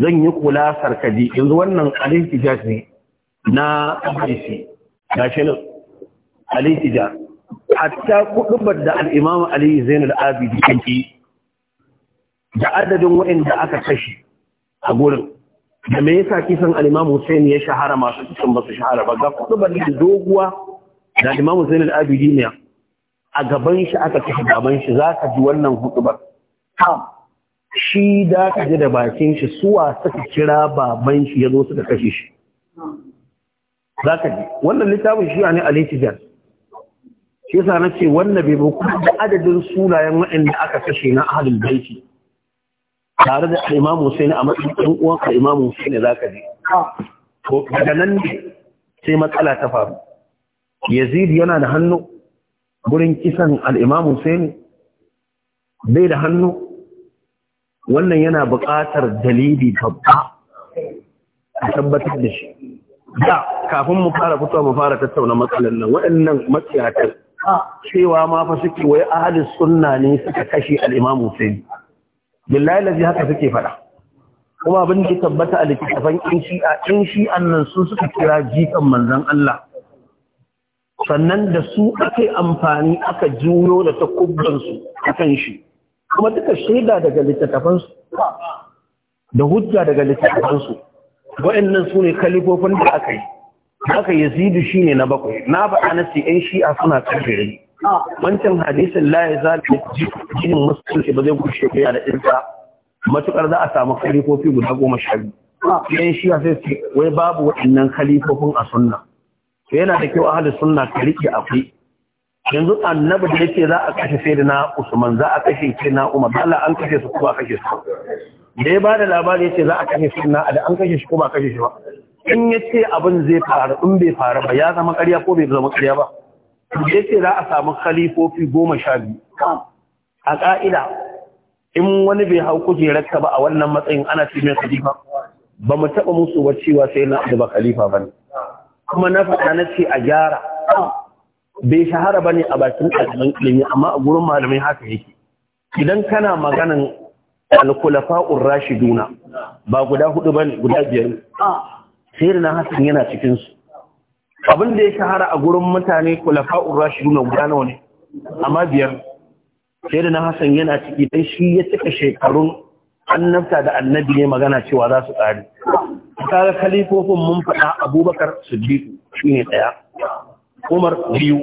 A: zan yi kula sarkaji yanzu wannan alintijas ne na hadisi ga shi nan alintijas hatta kudubar da al'imam ali zainul abidi kanki da adadin waɗanda aka kashe a gurin da me yasa kisan al'imam hussein ya shahara masu kisan ba su shahara ba ga kudubar da doguwa da al'imam zainul abidi ne a gaban shi aka kashe gaban shi za ka ji wannan hudubar shi da ka ji da bakin shi suwa suka kira baban shi ya zo suka kashe shi za ka ji wannan littafin shi ne alitijan shi yasa na ce wannan bai bai kuma da adadin sunayen waɗanda aka kashe na ahalin baiti tare da imamu sai a matsayin ɗan uwan ka imamu za ka ji to daga nan ne sai matsala ta faru yazid yana da hannu gurin kisan al'imamu sai bai da hannu wannan yana buƙatar dalili babba a tabbatar da shi da kafin mu fara fito mu fara tattauna matsalar nan waɗannan matsiyatar cewa ma fa suke wai ahli sunna ne suka kashe al-Imam Hussein billahi lazi haka suke faɗa. kuma abin da tabbata a littafin in shi'a in shi'an nan su suka kira jikan manzon Allah sannan da su aka yi amfani aka juyo da takubbansu a kan shi kuma duka shaida daga littattafansu da hujja daga littattafansu waɗannan su ne kalifofin da aka yi aka yazidu shi ne na bakwai na faɗa na ce ‘yan shi'a suna kafirai wancan hadisin la ya za jinin musulunci ba zai kushe ya da ɗinsa matuƙar za a samu kalifofi guda goma sha biyu ‘yan shi'a sai wai babu waɗannan kalifofin a sunna to yana da kyau ahlus sunna ka rike akwai yanzu annabi da yake za a kashe sai na usman za a kashe sai na umar Allah an kashe su kuma kashe su da ya bada labari yace za a kashe sai na ali an kashe shi kuma kashe shi ba in yace abin zai faru in bai faru ba ya zama ƙarya ko bai zama ƙarya ba da yace za a samu khalifofi goma sha biyu a ƙa'ida in wani bai hau rakka ba a wannan matsayin ana ce khalifa ba mu taɓa musu ba cewa sai na ali ba khalifa ba ne kuma na faɗa na ce a gyara bai shahara ba ne a bakin ɗalibin ilimi amma a gurin malamai haka yake idan kana maganan alkulafa'ur rashiduna ba guda hudu ba ne guda biyar sai da na hasan yana cikinsu abin da ya shahara a gurin mutane kulafa'ur rashiduna guda nawa ne amma biyar sai da na hasan yana ciki dan shi ya cika shekarun annabta da annabi ne magana cewa za su tsari kaga kalifofin mun faɗa abubakar siddiqu shine ɗaya umar biyu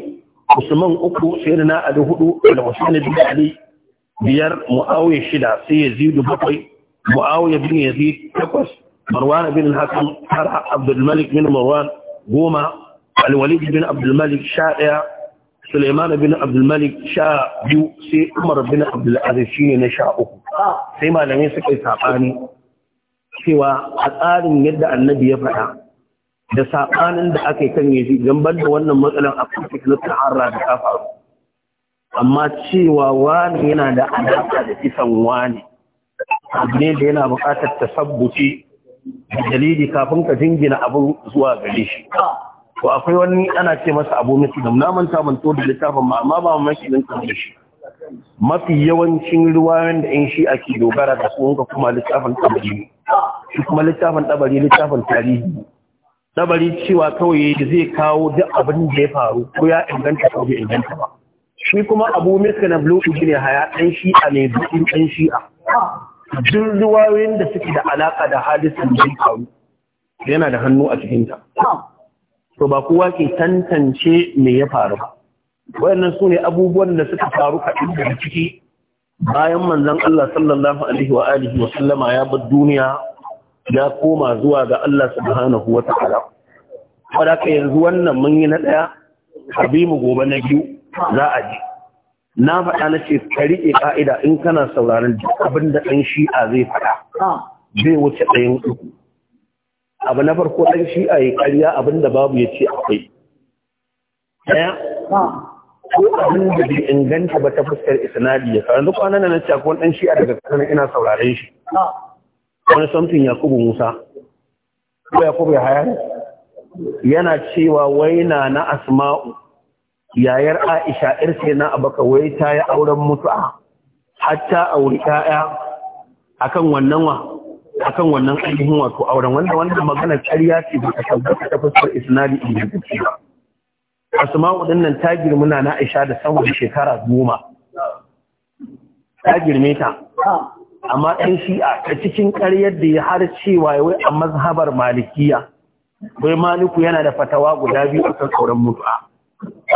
A: usman uku sayyidina ali hudu al-husaini bin ali biyar muawiya shida sai yazid bakwai muawiya bin yazid takwas marwan bin al-hakam tara abdul malik bin marwan goma al-walid bin abdul malik sha ɗaya Suleiman bin Abdulmalik sha biyu sai Umar bin Abdulaziz shi ne na sha uku. Sai malamai suka yi cewa a tsarin yadda annabi ya faɗa da saɓanin da aka yi kan idan ban da wannan matsalan a kuma na sahara da ta faru amma cewa wani yana da alaƙa da kisan wani abu da yana buƙatar ta sabbuce da dalili kafin ka jingina abu zuwa gare shi to akwai wani ana ce masa abu mutu da na manta ban da littafin ma amma ba mamaki din kan shi mafi yawancin ruwayoyin da in shi'a ke dogara da sun ga kuma littafin ɗabari shi kuma littafin ɗabari littafin tarihi ɗabari cewa kawai zai kawo duk abin da ya faru ko ya inganta ko bai inganta ba shi kuma abu miska na blue ne haya ɗan shi'a ne dukkan ɗan shi'a duk ruwayoyin da suke da alaƙa da hadisin da ya faru yana da hannu a cikinta to ba kowa ke tantance me ya faru ba wayannan sune abubuwan da suka faru kaɗan daga ciki bayan manzon Allah sallallahu alaihi wa alihi wa sallama ya bar duniya ya koma zuwa ga Allah subhanahu wa ta'ala wanda ka yanzu wannan mun yi na daya habimu gobe na biyu za a ji na faɗa na ce ka riƙe ka'ida in kana sauraron duk abin da ɗan shi'a zai faɗa zai wuce ɗayan uku abu na farko ɗan shi'a ya ƙarya abinda babu ya ce akwai ɗaya ko abin da bai inganta ba ta fuskar isnadi ya faru duk kwanan nan ce akwai dan shi'a daga kanan ina sauraren shi wani samtin yakubu musa ko yakubu ya haya yana cewa waina na asma'u yayar aisha yar sai na abaka wai ta yi auren mutu'a hatta auri ƴaƴa akan wannan wa akan wannan ainihin wato auren wanda wannan magana ƙarya ce ba ta tabbata ta fuskar isnadi ingantacce ba asma'u din nan ta girma na Aisha da sama shekara goma ta girme ta amma ɗan shi'a a cikin ƙaryar da ya har cewa ya wai a mazhabar malikiya wai maliku yana da fatawa guda biyu a kan sauran mutu'a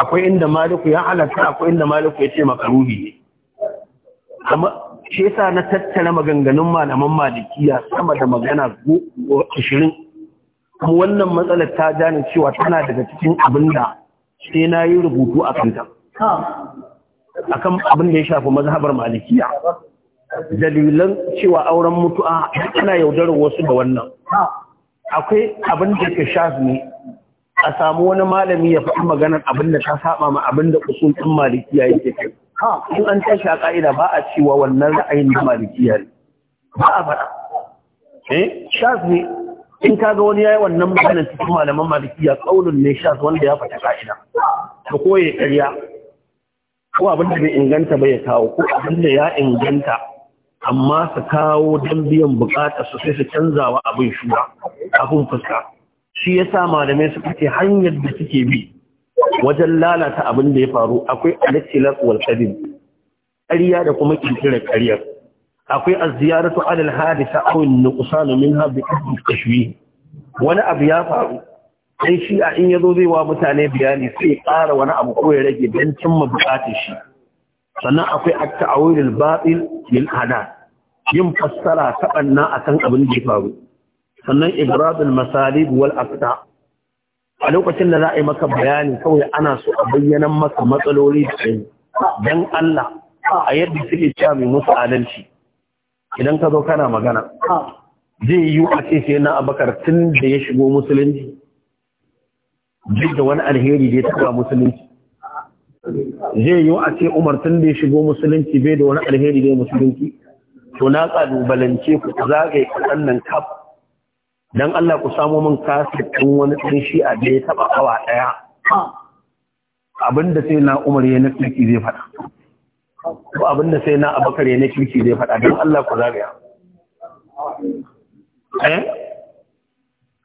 A: akwai inda maliku ya halatta akwai inda maliku ya ce makaruhi ne amma shi yasa na tattara maganganun malaman malikiya sama da magana ashirin kuma wannan matsalar ta gane cewa tana daga cikin abin da sai na yi rubutu a kanta a kan abin da ya shafi mazhabar malikiya dalilan cewa auren mutu'a ana yaudar wasu da wannan akwai abin da ke shafi a samu wani malami ya faɗi maganar abin da ta saba ma abin da kusur ɗin malikiya yake kai in an tashi a ka'ida ba a cewa wannan ra'ayin da malikiya ne ba a faɗa eh shafi in ka ga wani yayi wannan magana cikin malaman ya kaulun ne sha wanda ya fata ka'ida ba ko ya ƙarya ko abin da bai inganta ba ya kawo ko abin da ya inganta amma su kawo don biyan bukatar su sai su canzawa abin shuka. abin fuska shi ya sa malamai su hanyar da suke bi wajen lalata abin da ya faru akwai alistilar wal ƙarya da kuma ƙirƙirar ƙaryar akwai aziyaratu ziyaratu 'ala al-hadisa aw an-nuqsan minha bi tashwih wani abu ya faru sai shi a in yazo zai wa mutane bayani sai ƙara wani abu ko ya rage dan cimma buƙatar shi sannan akwai at-ta'awil al-batil lil hadath yin fassara ta banna akan abin da ya faru sannan ibrad al-masalib wal aqta' a lokacin da za a yi maka bayani kawai ana so a bayyana maka matsaloli da ɗin don Allah a yadda suke cewa mai musu adalci idan ka zo kana magana zai yi a ce sai na abakar tun da ya shigo musulunci duk da wani alheri da ya taba musulunci zai yi a ce umar tun da ya shigo musulunci bai da wani alheri da ya musulunci to na kalubalance ku zagaye kaɗan nan kaf don Allah ku samo min tun wani shi a da ya taba awa ɗaya abinda sai na umar ya nufi zai faɗa ko abinda sai na abakar ne kirki zai faɗa don Allah ku zagaya eh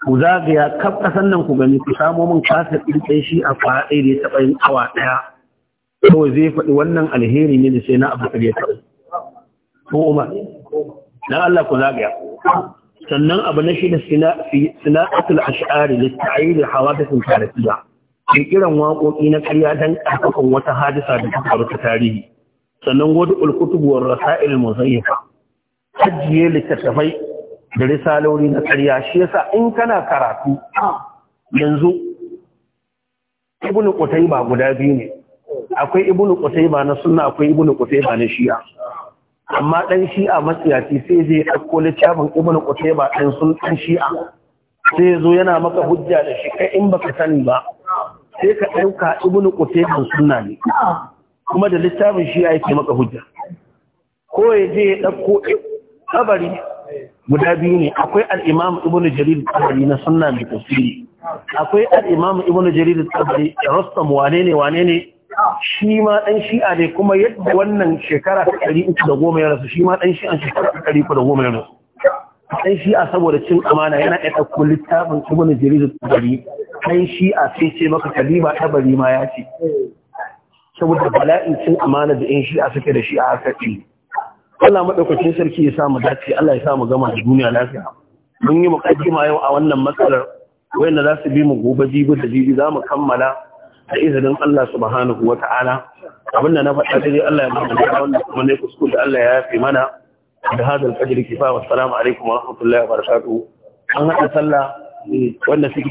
A: ku zagaya kaf kasan nan ku gani ku samo min kasa ɗin shi a fara da ya taɓa yin awa ɗaya kawai zai faɗi wannan alheri ne da sai na abakar ya taɓa ko umar don Allah ku zagaya sannan abu na shi da sina'atul ash'ari littayi da hawadisin tarihiya ƙirƙiran waƙoƙi na ƙarya don ƙarfafan wata hadisa da ta faru ta tarihi sannan wadu ulkutubuwar rasa'il musayyafa hajjiye littattafai da risaloli na karya shi yasa in kana karatu yanzu ibnu ba guda biyu ne akwai ibnu ba na sunna akwai ibnu ba na shi'a amma ɗan shi'a matsiyaci sai zai dauko littafin ibnu ba dan sun dan shi'a sai zo yana maka hujja da shi kai in baka sani ba sai ka ɗauka ibnu ba sunna ne kuma da littafin shi yake maka hujja ko ya je ya ɗauko kabari guda biyu ne akwai al'imamu ibn jarir kabari na sunna mai tafsiri akwai al'imamu ibn jarir kabari da rostam wane ne wane ne shi ma ɗan shi'a ne kuma yadda wannan shekara ta ɗari uku da goma ya rasu shi ma ɗan shi'a shekara ta ɗari uku da goma ya rasu ɗan shi'a saboda cin amana yana ɗaya ɗauko littafin ibn jarir tabari. ɗan shi'a sai ce maka kalima tabari ma ya ce saboda bala'in cin amana da yan shi'a suke da shi a haƙaƙi Allah maɗaukacin sarki ya samu dace Allah ya samu gama da duniya lafiya mun yi ma yau a wannan matsalar wayanda za su bi mu gobe jibi da jibi za mu kammala da izinin Allah subhanahu wa ta'ala abinda na faɗa dai Allah ya ba mu wannan kuma ne kuskure Allah ya yafe mana da hadal qadri kifa wa assalamu alaikum wa rahmatullahi wa barakatuh an haɗa sallah eh, wanda suke